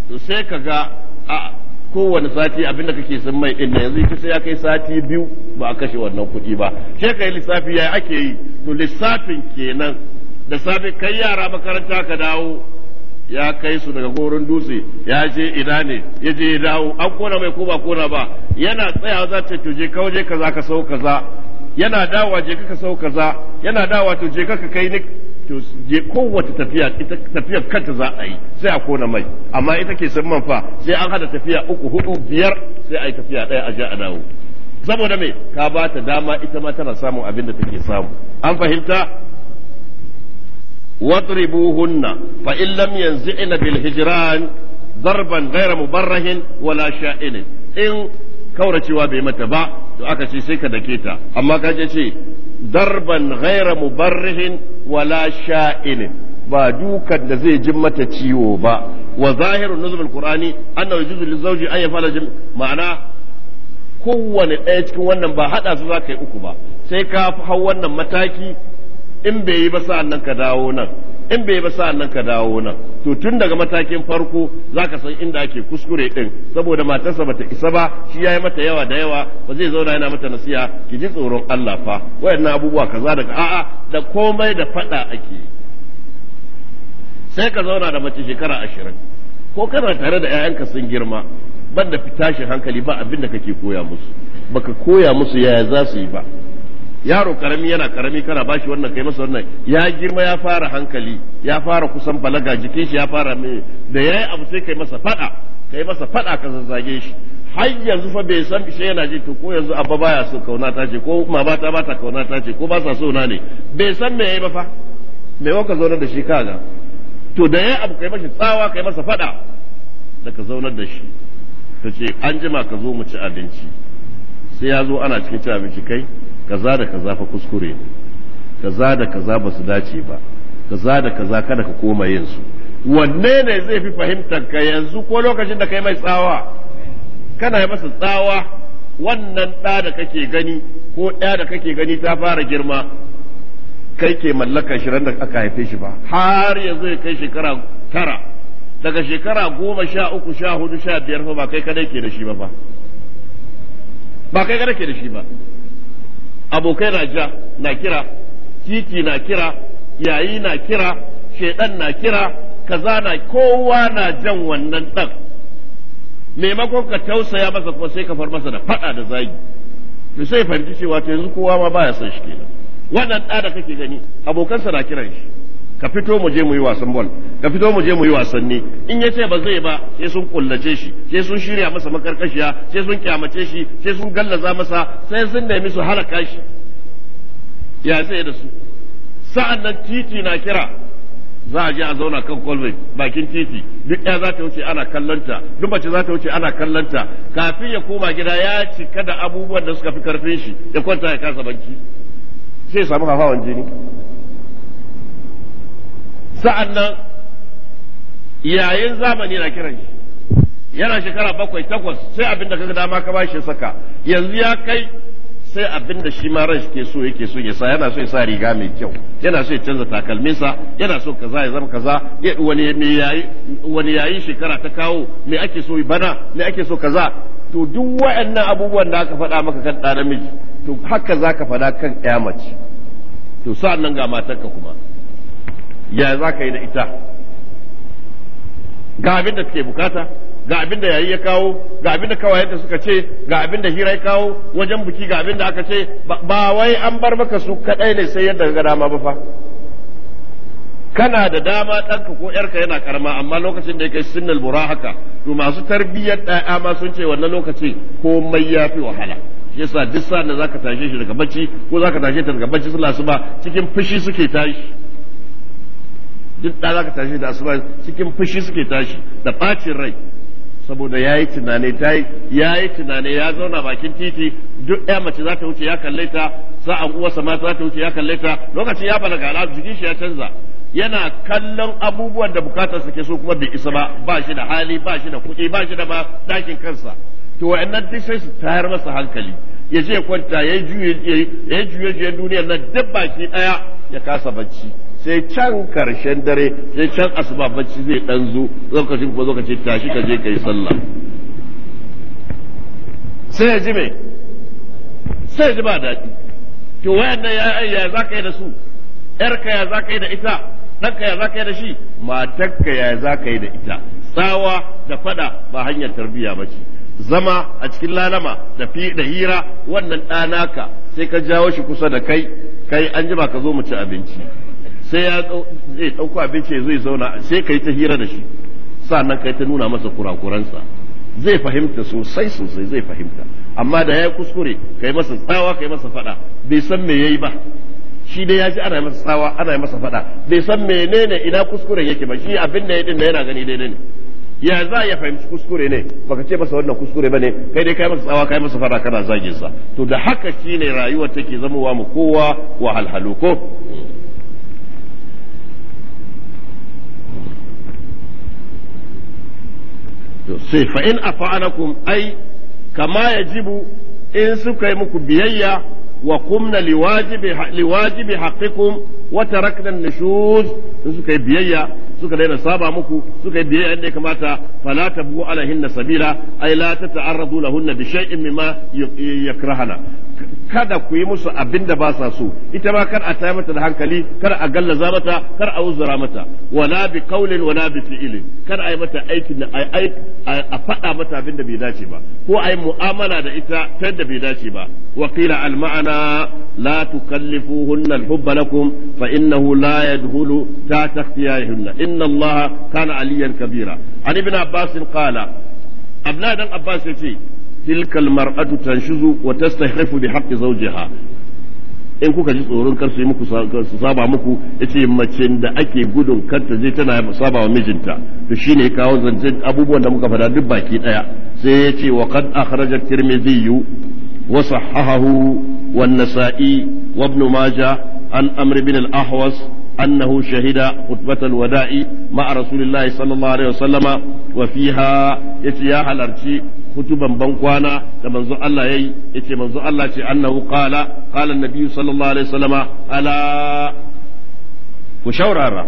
S1: to sai ka ga a kowane sati abinda kake san mai din yanzu sai ya kai sati biyu ba a kashe wannan kuɗi ba sai kai lissafi ya ake yi to lissafin kenan da safe kai yara makaranta ka dawo ya kai su daga gorin dutse ya je ina ne ya je dawo an kona mai ko ba kona ba yana tsayawa za ta je ka waje kaza ka sau kaza yana dawa je ka sau kaza yana dawa to je ka kai ni je kowace tafiya ita tafiyar kanta za a yi sai a kona mai amma ita ke san man sai an hada tafiya uku hudu biyar sai a yi tafiya daya a je a dawo saboda me ka ba ta dama ita ma tana samun abin da take samu an fahimta واضربوهن فإن لم ينزعن بالهجران ضربا غير wala wala شائن in كورة bai mata ba to aka ce sai ka dake ta amma ka ce ce darban ghaira mubarrihin wala sha'in ba dukan da zai jin mata ciwo ba wa zahirun nuzul alqur'ani annahu yajuzu lizawji an yafala ma'ana kowane ɗaya cikin wannan ba hada su za ka yi uku ba sai ka hau wannan mataki in bai yi ba sa'an ka dawo nan in bai yi ba sa'an nan ka dawo nan to tun daga matakin farko za ka san inda ake kuskure ɗin saboda matarsa bata isa ba shi ya yi mata yawa da yawa ba zai zauna yana mata nasiya ki ji tsoron Allah fa wayannan abubuwa kaza daga a'a da komai da fada ake sai ka zauna da mace shekara ashirin ko kana tare da 'ya'yanka sun girma ban da fitashin hankali ba abin da kake koya musu baka koya musu yaya za su yi ba yaro karami yana karami kana bashi wannan kai masa wannan ya girma ya fara hankali ya fara kusan balaga jikin shi ya fara me da yayi abu sai kai masa fada kai masa fada ka zazzage shi har yanzu fa bai san shi yana ji to ko yanzu abba baya so kauna ta ce ko mama ta bata kauna ta ce ko ba sa so na ne bai san me yayi ba fa me waka zauna da shi kaga to da yayi abu kai masa tsawa kai masa fada da ka zaunar da shi ta ce an jima ka zo mu ci abinci sai ya zo ana cikin ci abinci kai kaza da kaza fa kuskure ne kaza da kaza ba su dace ba kaza da kaza kada ka koma yin su wanne ne zai fi fahimtar ka yanzu ko lokacin da kai mai tsawa kana yi masa tsawa wannan ɗa da kake gani ko ɗa da kake gani ta fara girma kai ke mallaka shi ran da aka haife shi ba har yanzu ya kai shekara tara daga shekara goma sha uku sha hudu sha biyar ba kai kadai ke da shi ba ba ba kai kadai ke da shi ba abokai na ja na kira titi na kira yayi na kira shedan na kira kaza na kowa na jan wannan dan maimakon ka tausaya masa kuma sai ka far masa da fada da zagi to sai fahimci cewa to yanzu kowa ma baya son shi kenan wannan ɗa da kake gani abokansa na kiran shi ka fito mu je mu yi wasan bol ka fito mu je mu yi wasanni in ya ce ba zai ba sai sun kullace shi sai sun shirya masa makarkashiya sai sun kyamace shi sai sun gallaza masa sai sun nemi su halaka shi ya zai da su sa'an nan titi na kira za a je a zauna kan kolbe bakin titi duk ya za ta wuce ana kallanta duk mace za ta wuce ana kallonta kafin ya koma gida ya cika da abubuwan da suka fi karfin shi ya kwanta ya kasa banki sai samu hafawan jini sa'an nan yayin zamani na kiran shi yana shekara bakwai takwas sai abinda da kaga dama ka bashi saka yanzu ya kai sai abin da shi ma ran ke so yake so ya sa yana so ya sa riga mai kyau yana so ya canza takalminsa yana so kaza ya zama kaza wani yayi shekara ta kawo me ake so bana me ake so kaza to duk waɗannan abubuwan da aka faɗa maka kan ɗa namiji to haka zaka faɗa kan ƴa mace to sa'an nan ga matarka kuma ya za ka yi da ita ga abin da suke bukata ga abin da yayi ya kawo ga abin da da suka ce ga abin da hira ya kawo wajen biki ga abin da aka ce ba wai an bar maka su kadai ne sai yadda ga dama ba fa kana da dama ɗanka ko ‘yarka yana karama amma lokacin da ya kai sinnal haka, to masu tarbiyyar ɗaya ma sun ce wannan lokaci komai ya fi wahala shi yasa duk sa'an da zaka tashe shi daga bacci ko zaka tashe ta daga bacci sallah ba cikin fushi suke tashi duk da ka tashi da asuba cikin fushi suke tashi da bacin rai saboda yayi tunani ya yi tunani ya zauna bakin titi duk ya mace za ta wuce ya kalle ta sa'an uwarsa ma za ta wuce ya kalle ta lokacin ya balaga gara jikin shi ya canza yana kallon abubuwan da bukatar su ke so kuma bai isa ba ba shi da hali ba shi da kuɗi ba shi da ba dakin kansa to wa'annan duk sai su tayar masa hankali ya je kwanta ya juye juyen duniyar nan duk baki ɗaya ya kasa bacci sai can karshen dare sai can asuba bacci zai dan zo lokacin kuma lokaci tashi ka je ka yi sallah sai ya ji mai sai ya ji ba daɗi to wayan ya'yan ya za ka yi da su yarka ya za ka yi da ita ɗanka ya za ka yi da shi matarka ya za ka yi da ita tsawa da fada ba hanyar tarbiyya ba ce zama a cikin lalama da fi da hira wannan ɗanaka sai ka jawo shi kusa da kai kai an ba ka zo mu ci abinci sai ya zai ɗauko abinci zai zauna sai kai ta hira da shi sannan kai ta nuna masa kurakuransa zai fahimta sosai sosai zai fahimta amma da ya kuskure kai masa tsawa kai masa fada bai san me yayi ba shi dai ya ji ana masa tsawa ana masa fada bai san menene ina kuskure yake ba shi abin da ya din da yana gani daidai ne ya za ya fahimci kuskure ne baka ce masa wannan kuskure bane kai dai kai masa tsawa kai masa fada kana zagin sa to da haka shine rayuwar take zamowa mu kowa wahalhalu ko sai fa in afa'anakum ai kama ya jibu in suka yi muku biyayya wa kumna liwajibi liwajibi wata wa tarakna in suka yi biyayya suka daina saba muku suka yi biyayya inda ya kamata fala tabu na sabila ai la tata'arradu lahunna bi shay'in mimma yakrahana kada ku yi musu abin da ba sa so ita ma kar a taya mata da hankali kar a gallaza mata kar a uzura mata wala bi qaulin wala bi fi'ilin kar a yi mata aikin a faɗa mata abin da bai dace ba ko a yi mu'amala da ita ta da bai dace ba wa qila al ma'ana la tukallifuhunna al hubba lakum fa innahu la yadkhulu ta ikhtiyarihunna inna allaha kana aliyan kabira an ibn abbas qala abna dan abbas yace tilka almar'atu tanshuzu wa tastahrifu bi haqqi zawjiha in kuka ji tsoron kar su yi muku su saba muku yace mace da ake gudun kar ta je tana saba wa mijinta to shine ya kawo abubuwan da muka faɗa duk baki daya sai yace wa qad akhraja tirmidhi wa sahahahu wan nasa'i wa ibn majah an amr bin al-ahwas أنه شهد خطبة الوداع مع رسول الله صلى الله عليه وسلم وفيها يتياها الأرشي hutuban ban kwana da manzo Allah yayi yace manzo Allah ce annahu qala qala annabi sallallahu alaihi wasallama ala ku shaurara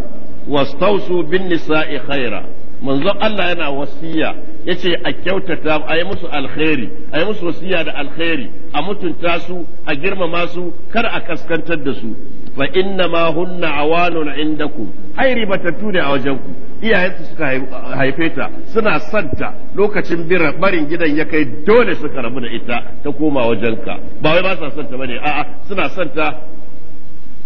S1: wastausu bin nisa'i khaira manzo Allah yana wasiya yace a kyautata a yi musu alkhairi a yi musu wasiya da alkhairi a mutunta su a girmama su kar a kaskantar da su fa inna ma hunna awanun indakum ai ribatattu ne a wajenku iyayensu suka haife ta suna santa lokacin biran barin gidan ya kai dole suka rabu da ita ta koma wajenka ba wai ba sa santa bane a'a suna santa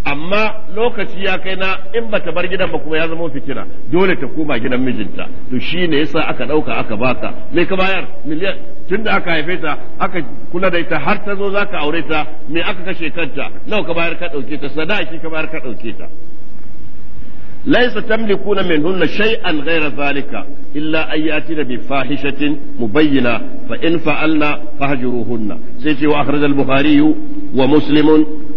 S1: amma lokaci ya kai na in bata bar gidan ba kuma ya zama fitina dole ta koma gidan mijinta to shi ne yasa aka ɗauka aka baka me ka bayar miliyan tun da aka haife ta aka kula da ita har ta zo za ka aure ta me aka kashe kanta nawa ka bayar ka ɗauke ta sadaki ka bayar ka ɗauke ta laysa tamlikuna minhunna shai'an ghayra zalika illa an da bi fahishatin mubayyina fa in fa'alna fahjuruhunna sai ce wa akhraj al bukhari wa muslim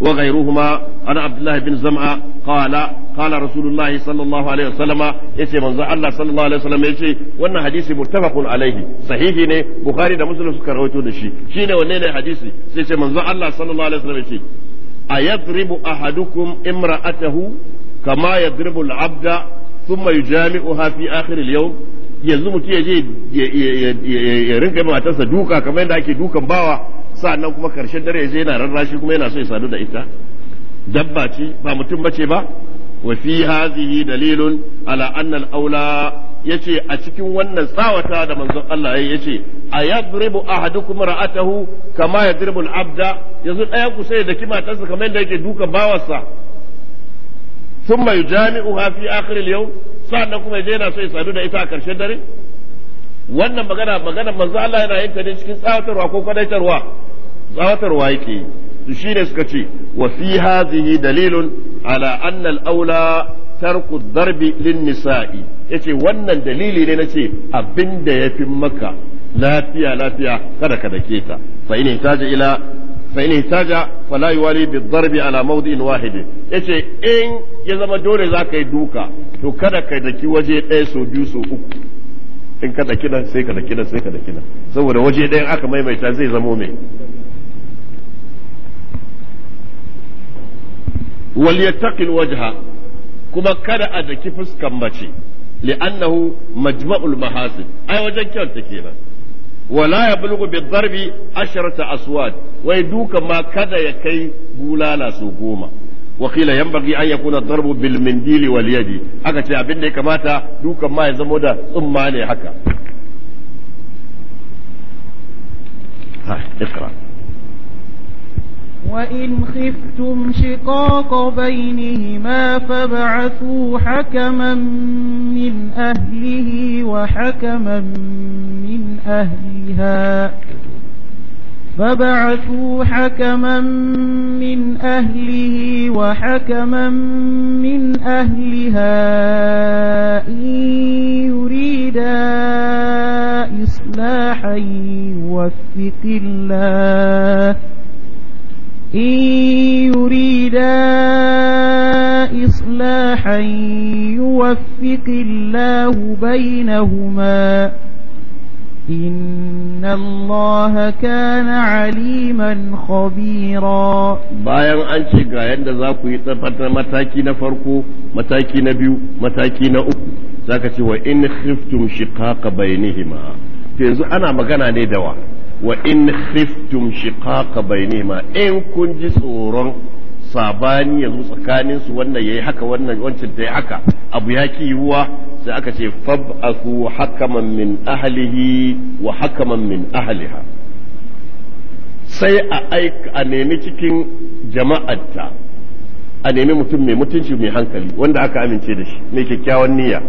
S1: wa ghayruhuma ana abdullah bin zam'a qala qala rasulullah sallallahu alaihi wasallam yace manzo allah sallallahu alaihi wasallam yace wannan hadisi muttafaqun alaihi sahihi ne bukhari da muslim suka rawaito da shi shine wanne ne hadisi sai manzo allah sallallahu alaihi ahadukum imra'atahu kama يضرب العبد ثم يجامعها في fi اليوم yanzu mutum ya je ya rinka yi matarsa duka kamar yadda ake dukan bawa sa'annan kuma karshen dare ya je yana rarrashi kuma yana so ya sadu da ita dabba ce ba mutum bace ba wa fi hazihi dalilun ala annal aula yace a cikin wannan tsawata da manzon Allah ya yace a yadribu ahadukum ra'atahu kama yadribu al-abda yanzu ɗaya ku sai da kimatarsa kamar yadda yake dukan bawarsa mai yujami'uha fi akhir al-yawm sannan kuma yaje yana so ya sadu da ita a karshen dare wannan magana magana manzo Allah yana yin ta ne cikin tsawatarwa ko kwadaitarwa tsawatarwa yake su shine suka ce wa fi hadhihi dalilun ala anna al-aula tarku darbi lin nisa'i yace wannan dalili ne nace abinda yafi maka lafiya lafiya kada ka dake ta fa ina taja ila fa in taja la yuwali bi darbi ala mawdi'in wahid yace in ya zama dole za ka yi duka to kada ka daki waje ɗaya so biyu so uku in ka daki nan sai ka daki nan sai ka daki nan saboda waje ɗayan aka maimaita zai zamo mai waliyattaqil wajha kuma kada a daki fuskan mace li'annahu majma'ul mahasib ai wajen kyauta kenan wala ya bulgu bi darbi asharata aswad wai duka ma kada ya kai bulala su goma وقيل ينبغي أن يكون الضرب بالمنديل واليد أكا تعبين لك تا دوكا ما يزمو دا ثم علي حكا ها اقرأ
S2: وإن خفتم شقاق بينهما فابعثوا حكما من أهله وحكما من أهلها فبعثوا حكما من أهله وحكما من أهلها إن يريدا إصلاحا يوفق الله إن يريدا إصلاحا يوفق الله بينهما إن الله كان عليما خبيرا
S1: bayan an ce ga yadda za ku yi tsafata mataki na farko mataki na biyu mataki na uku zaka ce wa in khiftum shiqaqa bainihima yanzu ana magana ne da wa wa in khiftum shiqaqa bainihima in kun ji tsoron sabani yanzu tsakanin su wannan yayi haka wannan wancan tayi haka abu ya ki yiwuwa sai aka ce fab'athu hakaman min ahlihi wa hakaman min ahliha sai a aika a nemi cikin jama'arta a nemi mutum mai mutunci mai hankali wanda aka amince da shi mai kyakkyawan niyya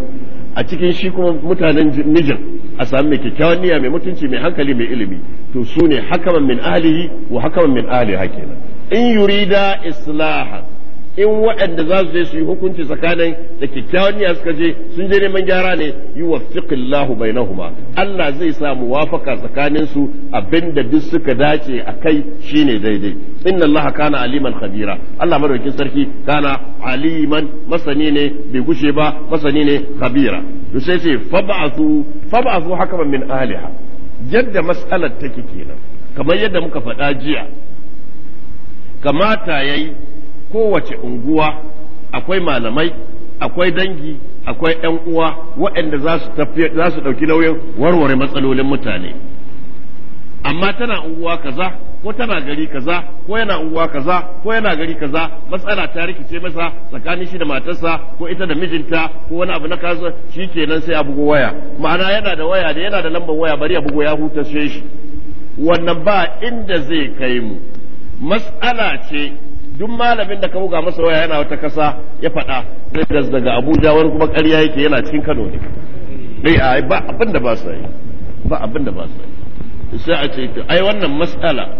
S1: a cikin shi kuma mutanen mijin a sami mai kyakkyawan niyya mai mutunci mai hankali mai ilimi to su ne hakaman min ahlihi wa hakaman min ahliha kenan in yurida islahan in waɗanda za su je su yi hukunci tsakanin da kyakkyawan niyya suka je sun je neman gyara ne yi wa fiqillahu bainahuma Allah zai sa muwafaka tsakanin su abinda duk suka dace a kai shine daidai inna Allah kana aliman khabira Allah madaukin sarki kana aliman masani ne bai gushe ba masani ne khabira to sai ce fab'athu fab'athu hakaman min ahliha yadda mas'alar take kenan kamar yadda muka faɗa jiya kamata yayi kowace unguwa akwai malamai akwai dangi akwai 'yan uwa waɗanda za su ɗauki nauyin warware matsalolin mutane amma tana unguwa kaza ko tana gari kaza ko yana unguwa kaza ko yana gari kaza matsala ta rikice masa tsakanin shi da matarsa ko ita da mijinta ko wani abu na kaza shi kenan sai a bugo waya ma'ana yana da waya da yana da lambar waya bari a bugo ya hutace shi wannan ba inda zai kai mu matsala ce duk malamin da ka buga masa waya yana wata kasa ya faɗa daga abuja wani kuma ƙarya yake yana cikin kano ne dai eh, ba abin da ba su yi ba abin da ba su yi sai a ce to ai wannan mas'ala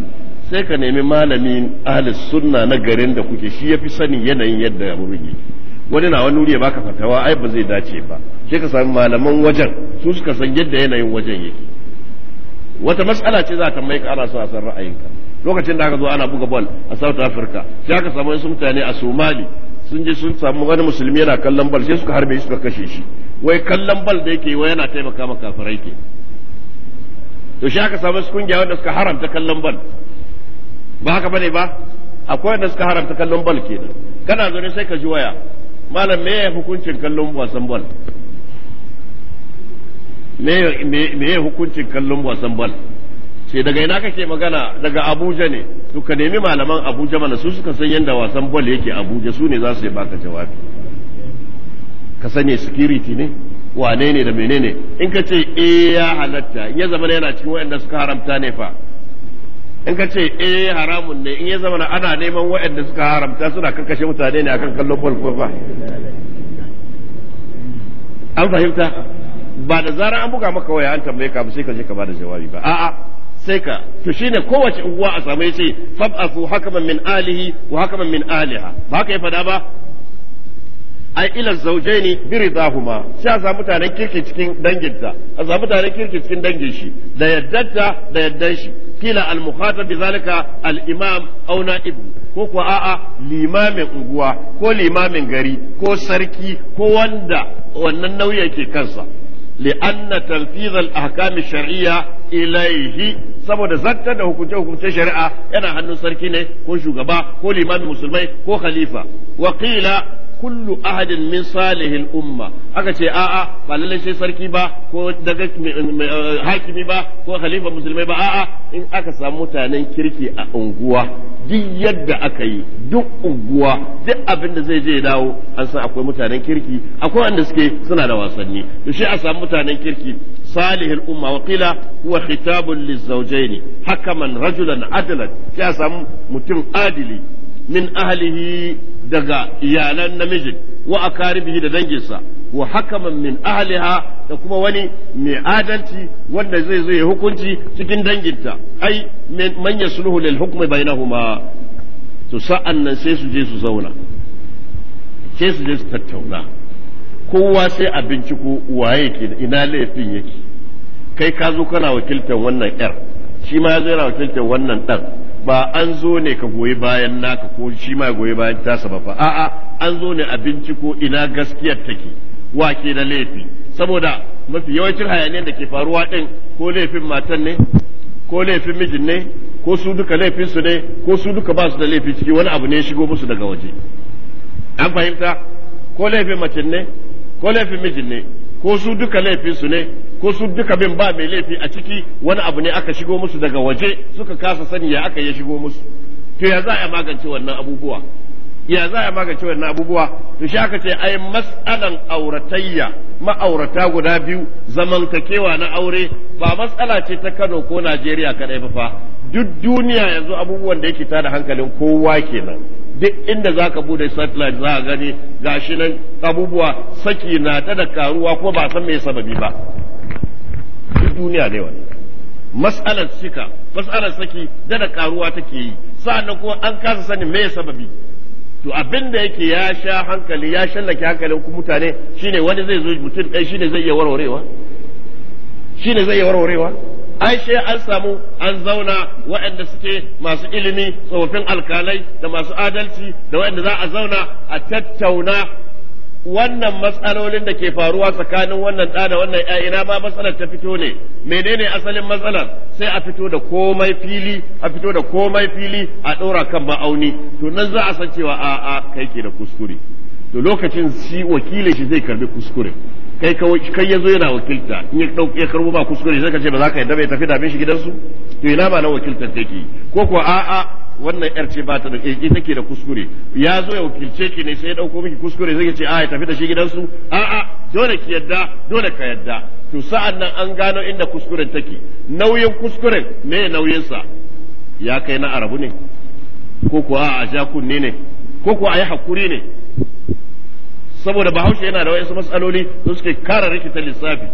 S1: sai ka nemi malamin ahlus sunna na garin da kuke shi yafi sanin yanayin yadda wurin yake wani na wani wuri ya baka fatawa ai ba zai dace ba sai ka sami malaman wajen su suka san yadda yanayin wajen yake wata mas'ala ce za ka mai ka su a san ra'ayinka lokacin da aka zo ana buga ball a south africa sai aka samu wasu mutane a somali sun je sun samu wani musulmi yana kallon bal sai suka harbe shi suka kashe shi wai kallon bal da yake wai yana taimaka ma kafirai ke to shi aka samu su kungiya wanda suka haramta kallon bal ba haka bane ba akwai wanda suka haramta kallon bal kenan kana zaune sai ka ji waya malam me ya hukuncin kallon wasan bal me me hukuncin kallon wasan bal ce daga ina kake magana daga Abuja ne to ka nemi malaman Abuja mana su suka san yadda wasan bol yake Abuja su ne za su baka jawabi ka sani security ne wane ne da menene in ka ce eh ya halatta in ya zama yana cikin waɗanda suka haramta ne fa in ka ce eh haramun ne in ya zama ana neman waɗanda suka haramta suna karkashe mutane ne akan kallon bol ko fa
S2: an fahimta
S1: ba da zarar an buga maka waya an tambaye ka ba sai ka je ka bada jawabi ba a'a sai ka to shine kowace uwa a samu yace fab'afu hakaman min alihi wa hakaman min aliha ba haka ya fada ba ai ila zaujaini bi ridahuma sai a samu mutanen kirki cikin danginta a samu mutanen kirki cikin dangin shi da yaddarta da yaddan shi kila al mukhatab bi zalika al imam aw na'ib ko kuwa a'a limamin unguwa ko limamin gari ko sarki ko wanda wannan nauyi yake kansa li'anna tanfiz al-ahkam shar'iyya saboda zartar da hukunce hukunce shari'a yana hannun sarki ne ko shugaba ko limamin musulmai ko khalifa kullu ahadin min salihil umma aka ce a'a ba lallai sai sarki ba ko daga eh, hakimi ba ko khalifa musulmai ba a'a in aka samu mutanen kirki a unguwa duk yadda aka yi duk unguwa duk abin da zai je dawo an san akwai mutanen kirki akwai wanda suke suna da wasanni to shi a samu mutanen kirki salihil umma وقيل kuwa خطاب للزوجين حكما رجلا عدلا يا سام mutum adili min ahlihi daga iyalan namijin wa akaribihi da danginsa wa hakaman min ahliha da kuma wani mai adalci wanda zai zo ya hukunci cikin danginta ai man yasluhu lil hukmi bainahuma to sa'an nan sai su je su zauna sai su je su tattauna kowa sai a binciko waye ke ina laifin yake kai ka zo kana wakiltar wannan yar shi ma ya zo yana wakiltar wannan dan ba an zo ne ka goyi bayan naka ko shi ma goyi bayan tasa ba fa a'a an zo ne a binciko ina gaskiyar take wake ke da laifi saboda mafi yawancin hayaniyar da ke faruwa din ko laifin matan ne ko laifin mijin ne ko su duka laifin su ne ko su duka ba su da laifi ciki wani abu ne shigo musu daga waje an fahimta ko laifin mace ne ko laifin mijin ne ko su duka laifin su ne ko su duka bin ba mai laifi a ciki wani abu ne aka shigo musu daga waje suka kasa sani ya aka ya shigo musu to ya za a magance wannan abubuwa ya za a magance wannan abubuwa to shi aka ce ai mas'alan auratayya ma'aurata guda biyu zamantakewa na aure ba matsala ce ta Kano ko Najeriya kadai ba fa duk duniya yanzu abubuwan da yake tada hankalin kowa kenan duk inda za ka bude satellite za a gani gashi nan abubuwa saki na ta da karuwa ko ba san me sababi ba duk duniya ne wani mas'alar sika mas'alar saki da da karuwa take yi sa'annan kuma an kasa sanin me sababi to abin da yake ya sha hankali ya shallake hankali ku mutane shine wani zai zo mutum ɗaya shine zai iya warwarewa shine zai iya warwarewa ai an samu an zauna waɗanda suke masu ilimi tsofaffin alkalai da masu adalci da waɗanda za a zauna a tattauna wannan matsalolin da ke faruwa tsakanin wannan ɗa da wannan ina ma matsalar ta fito ne menene asalin matsalar sai a fito da komai fili a fito da komai fili a ɗora kan ma'auni to nan za a san cewa a'a a kai ke da kuskure to lokacin shi wakilin shi zai karbi kuskure kai kawai kai yazo yana wakilta in ya dauke karbo ba kuskure sai ka ce ba za ka yadda bai tafi da bin shi gidansu to ina ba na wakiltar take ko ko a'a wannan yar ce ba ta da ƙirƙi take da kuskure ya zo ya wakilce ki ne sai ya ɗauko miki kuskure ya ce a ya tafi da shi gidansu a a dole ki yadda dole ka yadda to sa'an nan an gano inda kuskuren take nauyin kuskuren me nauyinsa ya kai na arabu ne ko kuwa a a jakun ne ko kuwa a yi hakuri ne saboda bahaushe yana da wasu matsaloli su suke kara rikita lissafi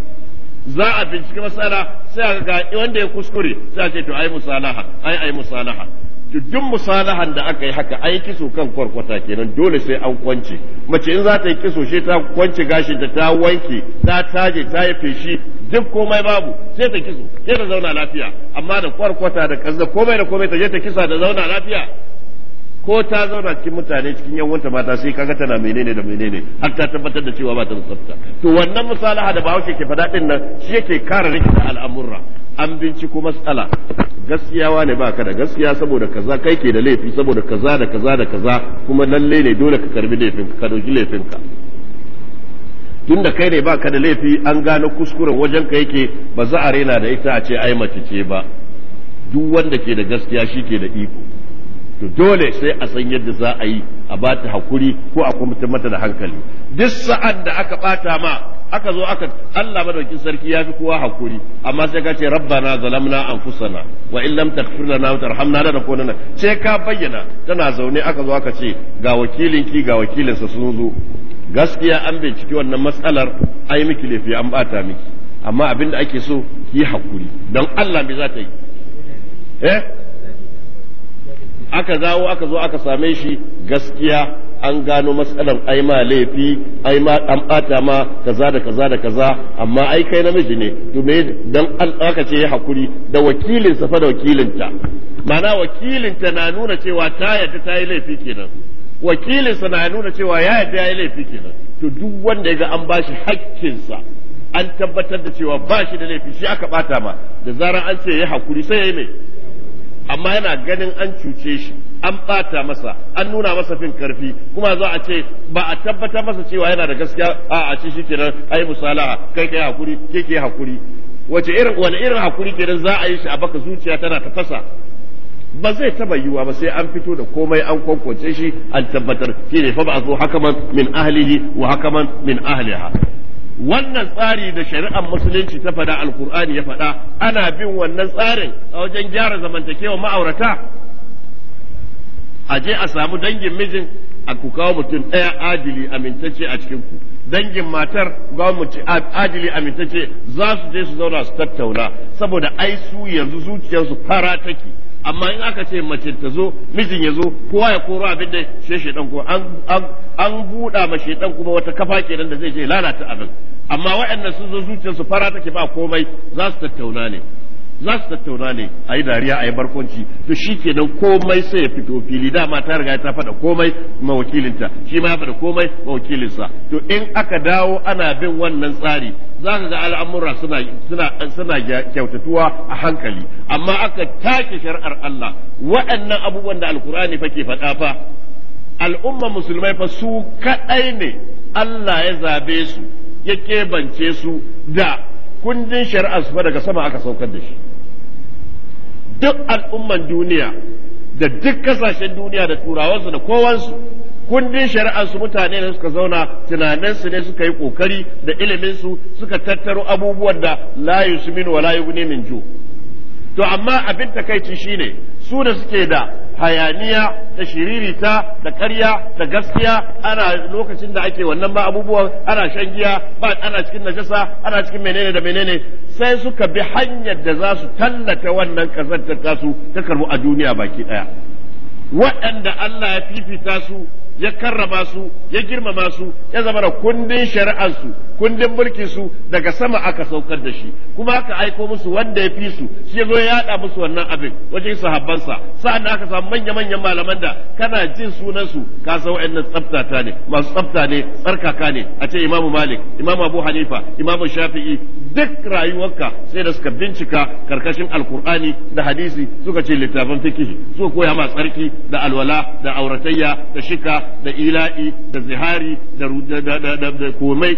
S1: za a binciki matsala sai a ga wanda ya kuskure sai a ce to ai musalaha ai ai musalaha duk musalahan da aka yi haka ai kiso kan kwarkwata kenan dole sai an kwance mace in za ta yi kiso shi ta kwance gashin ta ta wanke ta taje ta yi feshi duk komai babu sai ta kiso sai ta zauna lafiya amma da kwarkwata da kaza komai da komai ta je ta kisa da zauna lafiya ko ta zauna cikin mutane cikin yan wanta mata sai kaga tana menene da menene har ta tabbatar da cewa ba ta tsafta to wannan musalaha da bawo ke fada din nan shi yake kare rikita al'amurra an binciko matsala gaskiyawa ne ba ka da gaskiya saboda kaza kai ke da laifi saboda kaza da kaza da kaza kuma lalle ne dole ka karbi laifin ka dauki laifin ka tunda kai ne ba ka da laifi an gano kuskuren wajen ka yake ba za a raina da ita a ce ai mace ce ba duk wanda ke da gaskiya shi ke da iko to dole sai a san yadda za a yi a ba ta hakuri ko a kwamitin mata da hankali duk sa'an da aka bata ma aka zo aka Allah madaukin sarki ya fi kowa hakuri amma sai ka ce rabbana zalamna anfusana wa in lam taghfir lana wa tarhamna nakunanna ce ka bayyana tana zaune aka zo aka ce ga wakilinki ga wakilinsa sun zo gaskiya an bai ciki wannan matsalar ai miki laifi an bata miki amma abin da ake so ki hakuri dan Allah me za ta yi eh aka zawo aka zo aka same shi gaskiya an gano matsalar ai ma laifi ai ma an bata ma kaza da kaza da kaza amma ai kai namiji ne to me dan aka ce ya hakuri da wakilin sa fa da wakilinta ma'ana wakilinta na nuna cewa ta yadda ta yi laifi kenan wakilinsa na nuna cewa ya yadda ya yi laifi kenan to duk wanda ya ga an bashi hakkinsa an tabbatar da cewa bashi da laifi shi aka bata ma da zarar an ce ya hakuri sai ya yi mai amma yana ganin an cuce shi an ɓata masa an nuna masa fin karfi kuma za a ce ba a tabbatar masa cewa yana da gaskiya a a ce shikenan ai musalaha kai kai hakuri ke ke hakuri wace irin wani irin hakuri kenan za a yi shi a baka zuciya tana ta fasa ba zai taba yiwa ba sai an fito da komai an kwankwace shi an tabbatar shi ne fa ba a zo hakaman min ahlihi wa hakaman min ahliha wannan tsari da shari'ar musulunci ta fada alkur'ani ya fada ana bin wannan tsarin a wajen gyara zamantakewa ma'aurata a je a samu dangin mijin a ku kawo mutum ɗaya adili amintacce a cikin ku dangin matar mutum adili amintacce za su je su zauna su tattauna saboda ai su yanzu zuciyarsu fara take amma in aka ce mace ta zo mijin ya zo kowa ya koro abin da shi shaidan ko an buɗa ma shaidan kuma wata kafa kenan da zai je lalata abin amma waɗannan sun zo zuciyarsu fara take ba komai za su tattauna ne za su tattauna ne a yi dariya a yi barkwanci to shi kenan komai sai ya fito fili dama ta riga ta faɗa komai mawakilinta shi ma ya faɗa komai wakilinsa. to in aka dawo ana bin wannan tsari za ka ga al'amura suna kyautatuwa a hankali amma aka take shari'ar Allah waɗannan abubuwan da alkur'ani fa ke faɗa fa al'umma musulmai fa su kaɗai ne Allah ya zabe su ya kebance su da kundin shari'a su fa daga sama aka saukar da shi duk al'umman duniya da duk kasashen duniya da turawansu da kowansu kundin shari'arsu mutane da suka zauna tunaninsu ne suka yi kokari da iliminsu suka tattaro abubuwan da su min wa layu ne min ju' to amma abin takaici shine su da suke da hayaniya da shiririta da karya da gaskiya ana lokacin da ake wannan ba abubuwa ana shan giya ba ana cikin najasa ana cikin menene da menene sai suka bi hanyar da za su tallata wannan kazantar tasu ta karbu a duniya baki daya waɗanda Allah ya fifita su ya karrama su ya girmama su ya zama da kundin shari'arsu kundin mulkin su daga sama aka saukar da shi kuma aka aiko musu wanda ya fi su shi ya zo ya yada musu wannan abin wajen sahabbansa sa'an aka samu manya-manyan malaman da kana jin sunan su ka san wayannan tsaftata ne masu tsafta ne tsarkaka ne a ce imamu malik imamu abu hanifa imamu shafi'i duk rayuwarka sai da suka bincika karkashin alkur'ani da hadisi suka ce littafin fikihi suka koya ma tsarki da alwala da auratayya da shika da ila'i da zihari da komai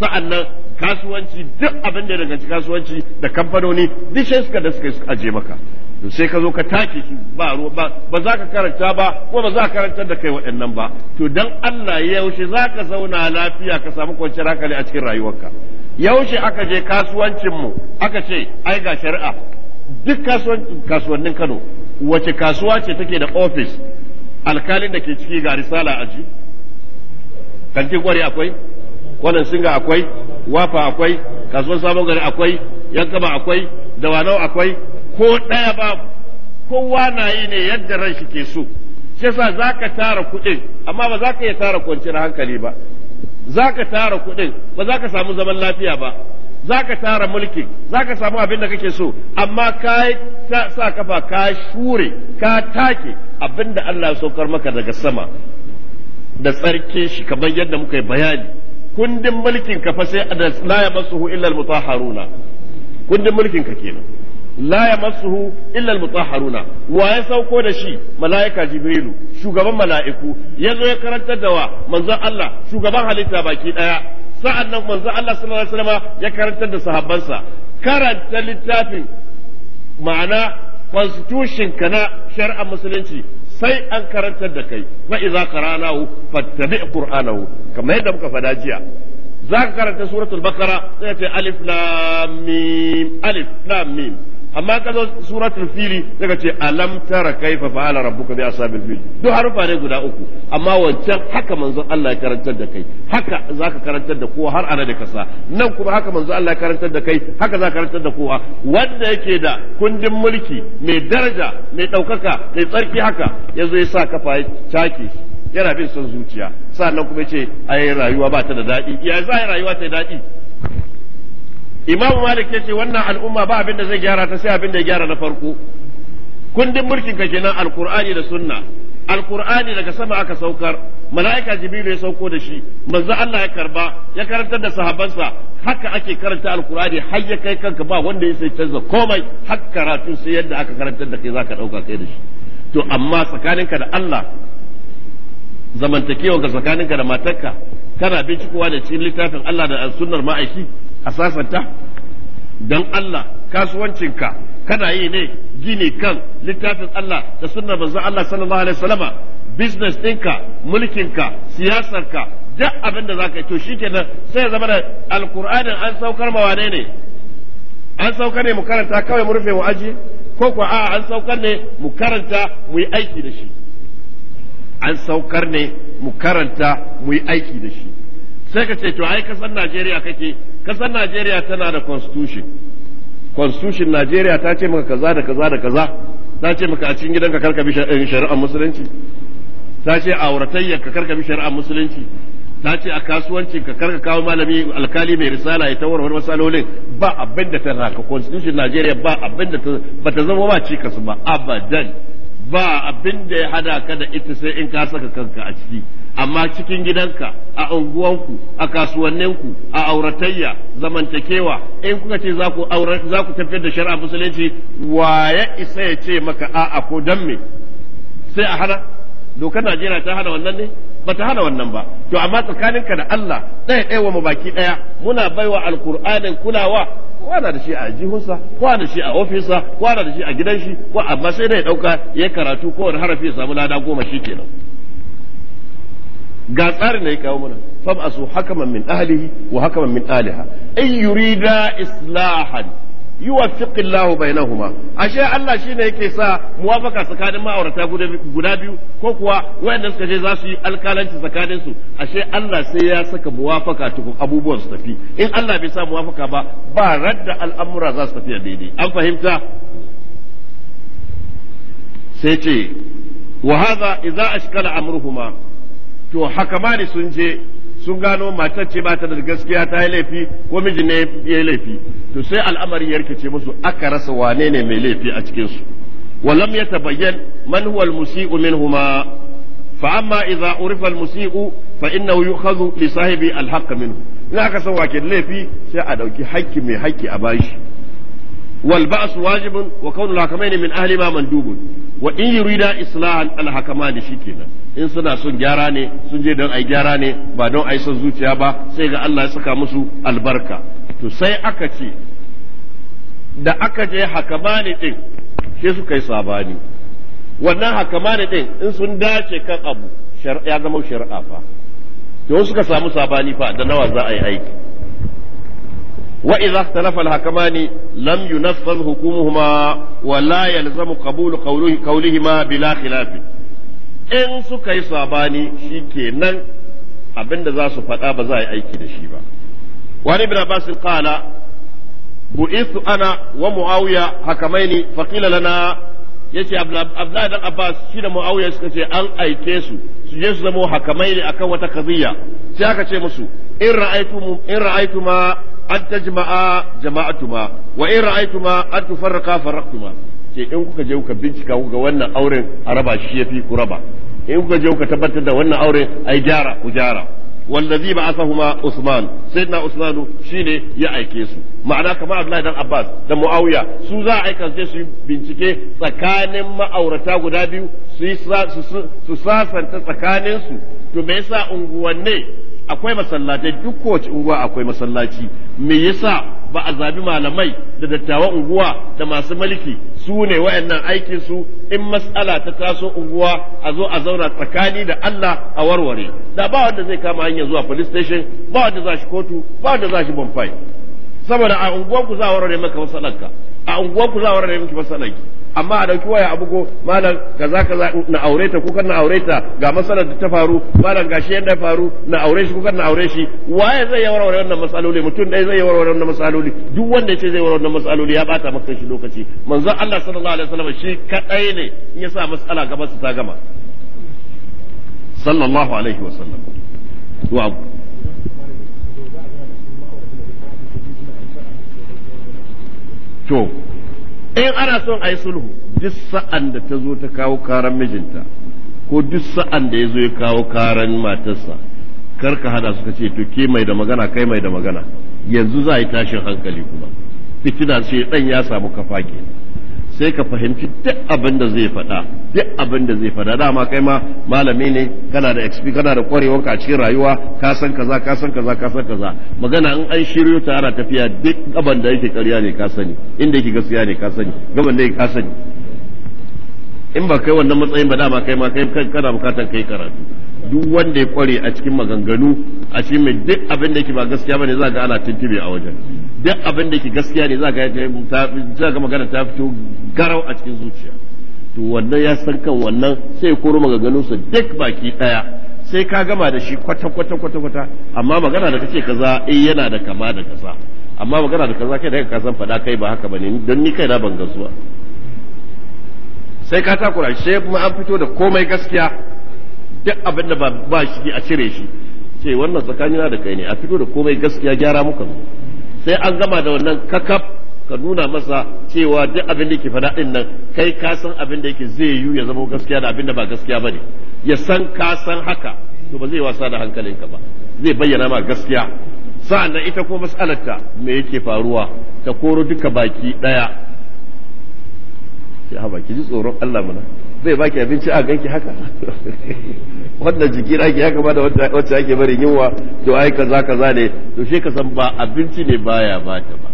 S1: sa'an nan kasuwanci duk abin da daga kasuwanci da kamfanoni duk shi suka da suka aje maka to sai ka zo ka take su ba ba ba za ka karanta ba ko ba za ka karantar da kai waɗannan ba to dan Allah yaushe za ka zauna lafiya ka samu kwanciyar hankali a cikin rayuwarka yaushe aka je kasuwancin mu aka ce ai ga shari'a duk kasuwannin Kano wace kasuwa ce take da office alkalin da ke ciki ga risala a ji kantin kwari akwai kwanan singa akwai wafa akwai kasuwar sabon gari akwai yankaba akwai dawanau akwai ko ɗaya babu kowa na yi ne yadda ran shi ke so shi yasa za ka tara kuɗin amma ba za ka iya tara kwanciyar hankali ba za ka tara kuɗin ba za ka samu zaman lafiya ba Za ka tara mulki ka samu abin da kake so amma ka sa kafa ka shure ka take abin da Allah ya saukar maka daga sama da tsarkin shi kamar yadda muka yi bayani kundin mulkin ka fa sai da la masuhu illa al-mutahharuna kundin mulkin ka kenan la masuhu illa al-mutahharuna wa ya sauko da shi malaika jibrilu shugaban mala'iku yazo ya karantar da wa manzon Allah shugaban halitta baki daya sa'an nan manzo Allah sallallahu alaihi wasallam ya karantar da sahabbansa karanta littafin ma'ana constitution ka na shari'ar musulunci sai an karantar da kai fa idza qara'nahu fattabi qur'anahu kamar yadda muka fada jiya zaka karanta suratul bakara sai ta alif lam mim alif lam mim amma ka zo suratul fili daga ce alam tara kaifa fa'ala rabbuka bi ashabil fil duk harufa ne guda uku amma wancan haka manzon Allah ya karantar da kai haka zaka karantar da kowa har ana da kasa nan kuma haka manzon Allah ya karantar da kai haka zaka karantar da kowa wanda yake da kundin mulki mai daraja mai daukaka mai tsarki haka yazo ya sa kafa ya take yana bin son zuciya sannan kuma yace ce ai rayuwa ba ta da daɗi ya za rayuwa ta daɗi imam malik ya ce wannan al'umma ba abin da zai gyara ta sai abin da ya gyara na farko kundin mulkin ka kenan alqur'ani da sunna alqur'ani daga sama aka saukar mala'ika jibril ya sauko da shi manzo Allah ya karba ya karantar da sahabbansa haka ake karanta alqur'ani har ya kai kanka ba wanda ya sai canza komai har karatu sai yadda aka karantar da kai zaka dauka kai da shi to amma tsakaninka da Allah zamantakewa ga tsakaninka da matarka kana bincikowa da cikin littafin Allah da sunnar ma'aiki a sasanta don Allah kasuwancinka kana yi ne gini kan littafin Allah da sunnar manzon Allah sallallahu alaihi wasallama business ɗinka mulkinka siyasarka duk abin da zaka yi to shikenan sai zama da alkur'anin an saukar ma wane ne an saukar ne mu karanta kawai mu rufe mu aji ko kuwa a'a an saukar ne mu karanta mu yi aiki da shi an saukar ne mu karanta mu yi aiki da shi sai ka ce to ai kasar Najeriya kake kasar Najeriya tana da constitution constitution Najeriya ta ce maka kaza da kaza da kaza ta ce maka a cikin gidanka karka bi shari'ar musulunci ta ce a auratayyar ka karka bi shari'ar musulunci ta ce a kasuwanci ka karka kawo malami alkali mai risala ya tawarwar masalolin ba abin da ta raka constitution Najeriya ba abin da ta bata zama ba kasu ba abadan ba abin da ya hada ka da ita sai in ka saka kanka a ciki amma cikin gidanka a unguwanku a kasuwanninku a auratayya zamantakewa in kuka ce za ku za ku tafiyar da shari'a musulunci ya isa ya ce maka a'a ko dan me sai a hana dokar Najeriya ta hana wannan ne ba ta hana wannan ba to amma tsakaninka da Allah ɗaya ɗaya wa baki ɗaya muna baiwa alkur'anin kulawa kwana da shi a jihunsa kwana da shi a ofisa kwana da shi a gidan shi ko amma sai dai ɗauka ya karatu ko wani harafi ya samu lada goma shi kenan ga tsarin da ya kawo mana fam asu hakaman min ahlihi wa hakaman min aliha in yurida islahan Yi wa yuwaffiqillahu bainahuma ashe Allah shine yake sa muwafaka tsakanin ma'aurata guda biyu ko kuwa wayanda suka ce za su yi alkalanci tsakanin su ashe Allah sai ya saka muwafaka tukun abubuwan su tafi in Allah bai sa muwafaka ba ba radda al'amura za su tafi daidai an fahimta sai ce wa hadha idza ashkala amruhuma to haka hakamani sun je sun gano matar ce ba ta da gaskiya ta yi laifi ko miji ne ya yi laifi to sai al'amari ya rikice musu aka rasa wane ne mai laifi a cikin su walam ya tabayyan man huwa al-musi'u minhuma fa amma idza urifa al-musi'u fa innahu yu'khadhu li sahibi al-haqq minhu in aka san wake laifi sai a dauki hakki mai hakki a bashi wal ba's wajibun wa kaunu al-hakamaini min ahli ma mandubun wa in yurida islahan alhakama da shi kenan in suna son gyara ne sun je don ai gyara ne ba don ai son zuciya ba sai ga Allah ya saka musu albarka to sai aka ce da aka je hakama ne din shi suka yi sabani wannan hakama ne din in sun dace kan abu ya zama shari'a fa to suka samu sabani fa da nawa za a yi aiki وإذا اختلف الحكمان لم ينفذ حكمهما ولا يلزم قبول قوله قولهما بلا خلاف إن سكي صاباني شيكينا أبن ذا سفتا بزاي أيكي نشيبا وعن ابن عباس قال بعثت أنا ومعاوية حكمين فقيل لنا yace Abdullahi dan Abbas shi da Muawiya suka ce an aike su su je su zamo hakamai ne akan wata kaziya sai aka ce musu in ra'aytum in ra'aytuma an ta tajma'a jama'atuma wa in ra'aytuma an tufarraqa farraqtuma ce in kuka je kuka bincika kuka wannan auren a raba shi yafi ku raba in kuka je kuka tabbatar da wannan auren ai gyara ku gyara wallazi ba'athahuma Usman sayyidina Usman shine ya aike su ma'ana kamar Abdullahi dan Abbas da Muawiya su za a aika su yi bincike tsakanin ma'aurata guda biyu su sasanta tsakanin su to me yasa unguwanne akwai masallatai duk kowace unguwa akwai masallaci me yasa ba a zabi malamai da dattawan unguwa da masu mulki su ne wayannan aikin su in mas'ala ta taso unguwa a zo a zauna tsakani da Allah a warware da ba wanda zai kama hanyar zuwa police station ba wanda za shi kotu ba wanda za shi bonfire saboda a unguwar ku za a warware maka masalanka a unguwar ku za a warware miki masalanki amma a dauki waya ko malam za ka na aure ta kukan na aure ta ga masalar da ta faru malam gashi yadda faru na aure shi kukan na aure shi waye zai warware wannan matsaloli mutum dai zai warware wannan matsaloli duk wanda ce zai yawar wannan matsaloli ya bata maka shi lokaci manzon Allah sallallahu alaihi wasallam shi kadai ne in ya sa matsala gaba su ta gama sallallahu alaihi wasallam wa to in ana son a yi sulhu duk sa'an da ta zo ta kawo karan mijinta ko duk sa'an da ya zo ya kawo karan matarsa kar ka hada suka ce to ke mai da magana kai mai da magana yanzu za a yi tashin hankali kuma fitina sai dan ya samu kafa kenan sai ka fahimci duk abin da zai faɗa duk abin da zai faɗa dama kai ma malami ne kana da XP kana da kwarewar ka a cikin rayuwa ka san kaza ka san kaza ka san kaza magana in an shiryo ta ana tafiya duk gaban da yake ƙarya ne ka sani inda yake gaskiya ne ka sani gaban da yake ka sani in ba kai wannan matsayin ba dama kai ma kai kana bukatar kai karatu duk wanda ya kware a cikin maganganu a cikin mai duk abin da yake ba gaskiya bane za ga ana tuntube a wajen duk abin da yake gaskiya ne za ga ga magana ta fito garau a cikin zuciya to wannan ya san kan wannan sai koro maganganun sa duk baki daya sai ka gama da shi kwata kwata kwata kwata amma magana da kace kaza eh yana da kama da kaza amma magana da kaza kai da ka san fada kai ba haka bane don ni kai na ban gazuwa sai ka takura shi sai an fito da komai gaskiya duk abin da ba shi a cire shi ce wannan tsakanina da kai ne a fito da komai gaskiya gyara muka sai an gama da wannan kakaf ka nuna masa cewa duk abin da yake faɗa ɗin nan kai ka san abin da yake zai yiwu ya zama gaskiya da abin da ba gaskiya ba ne ya san ka san haka to ba zai wasa da hankalinka ba zai bayyana ma gaskiya sa'annan ita kuma mas'alarta me yake faruwa ta koro duka baki ɗaya ya ki ji tsoron Allah mana zai baki abinci a ganki haka <laughs> wanda jiki ake haka ba da wacce ake bari yunwa to ai kaza kaza ne to shi ka san ba abinci ne baya bata ba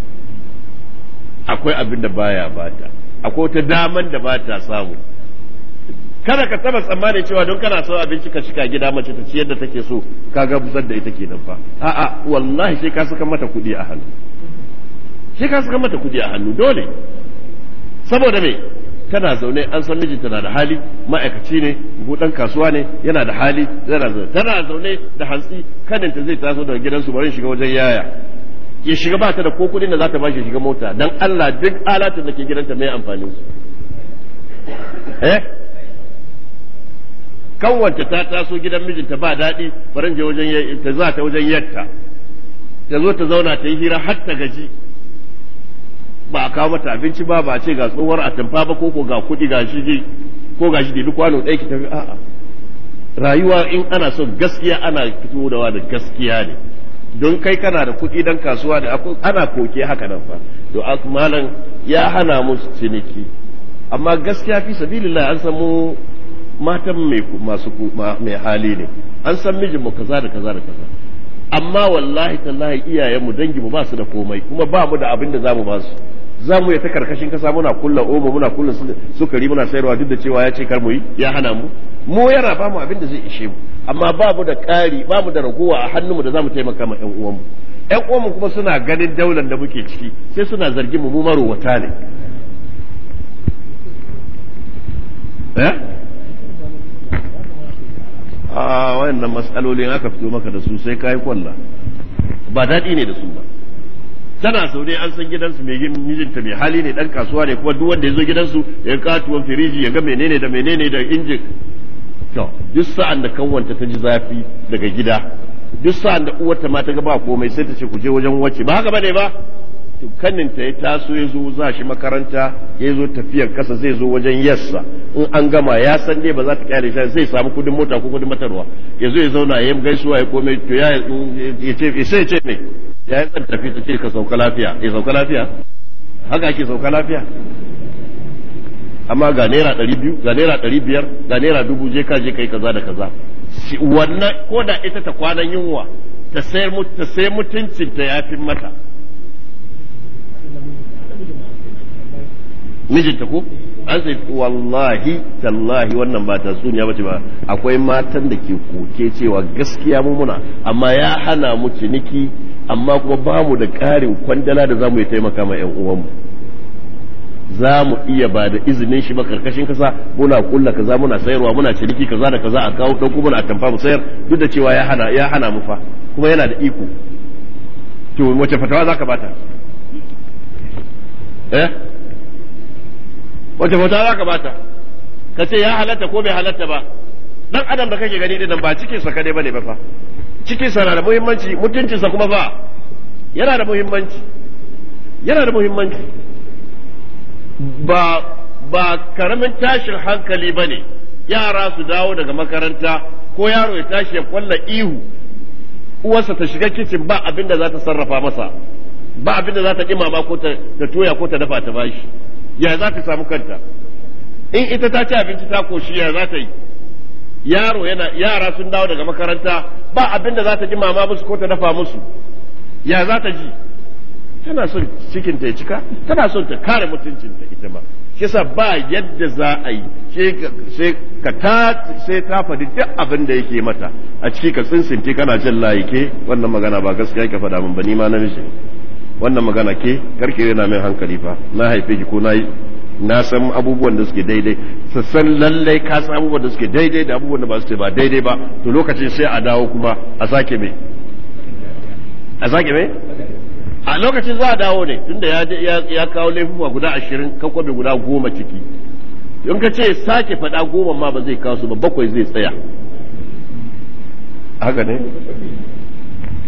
S1: akwai abin da baya bata akwai wata daman da bata samu kada ka taba tsammanin cewa don kana so abinci ka shiga gida mace ta ci yadda take so ka ga busar da ita kenan fa a'a wallahi sai ka saka mata kuɗi a hannu sai ka saka mata kuɗi a hannu dole saboda me kana zaune an san mijinta na da hali ma'aikaci ne buɗan kasuwa ne yana da hali yana zaune tana zaune da hantsi ta zai taso daga gidansu bari shiga wajen yaya ya shiga ba ta da ko kuɗin da za ta bashi shiga mota dan Allah duk alatin da ke gidanta mai amfani su eh kanwanta ta taso gidan mijinta ba daɗi farin je wajen ta za ta wajen yatta ta zo ta zauna ta yi hira har ta gaji ba a kawo mata abinci ba ba ce ga tsohuwar atamfa ba ko ga kuɗi ga shi ko ga shi da kwano ɗaya ki tafi a'a rayuwa in ana son gaskiya ana fito da gaskiya ne don kai kana da kuɗi dan kasuwa da ana koke haka nan fa to malam ya hana mu ciniki amma gaskiya fi sabilillah an samu matan mai masu mai hali ne an san mijin mu kaza da kaza da kaza amma wallahi tallahi iyayenmu danginmu ba su da komai kuma ba mu da abin da za mu ba su za mu yi ta karkashin kasa muna kulla omo muna kulla sukari muna sayarwa duk da cewa ya ce kar mu yi ya hana mu mu yana ba mu abin da zai ishe mu amma ba mu da ƙari ba mu da ragowa a hannunmu da za mu taimaka ma ƴan uwanmu ƴan uwanmu kuma suna ganin daular da muke ciki sai suna zargin mu mu maro wata ne eh a ah, wayannan masalolin aka fito maka da su sai kai kwalla ba daɗi ne da su ba tana zaune an san gidansu mai mijinta mai hali ne dan kasuwa ne kuma duk wanda ya zo gidansu ya katuwan firiji ya ga menene da menene da injin to duk sa'an da kanwanta ta ji zafi daga gida duk sa'an da uwarta ma ta ga ba komai sai ta ce ku je wajen wacce ba haka bane ba To kannin ta ya taso ya zo za shi makaranta ya zo tafiyar kasa zai zo wajen yassa in an gama ya san dai ba za ta kare shi zai samu kudin mota ko kudin matarwa ya zo ya zauna ya gaisuwa ya komai to ya ce sai ce ne ya yi tafi ta ce ka sauka lafiya ya sauka lafiya haka ake sauka lafiya amma ga naira ɗari biyu ga naira ɗari biyar ga naira dubu je ka je kai kaza da kaza wannan ko da ita ta kwanan yunwa ta sai mutuncin ta fi mata mijinta ko an sai wallahi tallahi wannan ba ta suniya bace ba akwai matan da ke koke cewa gaskiya mu muna amma ya hana mu ciniki amma kuma ba mu da ƙarin kwandala da za mu yi taimaka ma 'yan uwanmu za mu iya ba da izinin shi ba karkashin kasa muna kulla kaza muna sayarwa muna ciniki kaza da kaza a kawo don kuma na tamfa mu sayar duk da cewa ya hana ya hana mu fa kuma yana da iko to wace fatawa za ka bata eh wace fatawa za ka bata ka ce ya halatta ko bai halatta ba dan adam da kake gani dinan ba cikin sa kadai bane ba fa cikin sa na da muhimmanci mutuncin kuma fa yana da muhimmanci yana da muhimmanci ba ba karamin tashin hankali ba ne yara su dawo daga makaranta ko yaro ya tashi ya kwalla ihu uwarsa ta shiga kicin ba abin da za ta sarrafa masa ba abin da za ta ba ko ta toya ko ta dafa ta bashi ya za ta samu kanta in ita ta ci abinci ta koshi ya za ta yi yaro yana yara sun dawo daga makaranta ba abin da za ta ji mama musu ko ta dafa musu ya za ta ji tana son cikin ta cika tana son ta kare mutuncinta ita ma kisa ba yadda za a yi sai ka ta sai ta faɗi duk abin da yake mata a ciki ka tsinsinti kana jin layi ke wannan magana ba gaskiya ka faɗa min ba ni ma namiji wannan magana ke karki na min hankali fa na haife ki ko na yi na san abubuwan da suke daidai sassan lallai ka san abubuwan da suke daidai da abubuwan da ba su ba daidai ba to lokacin sai a dawo kuma a sake mai a sake mai a lokacin za a dawo ne tunda ya ya kawo laifuka guda ashirin ka kwabe guda goma ciki in ka ce sake faɗa goma ma ba zai kawo su ba bakwai zai tsaya haka ne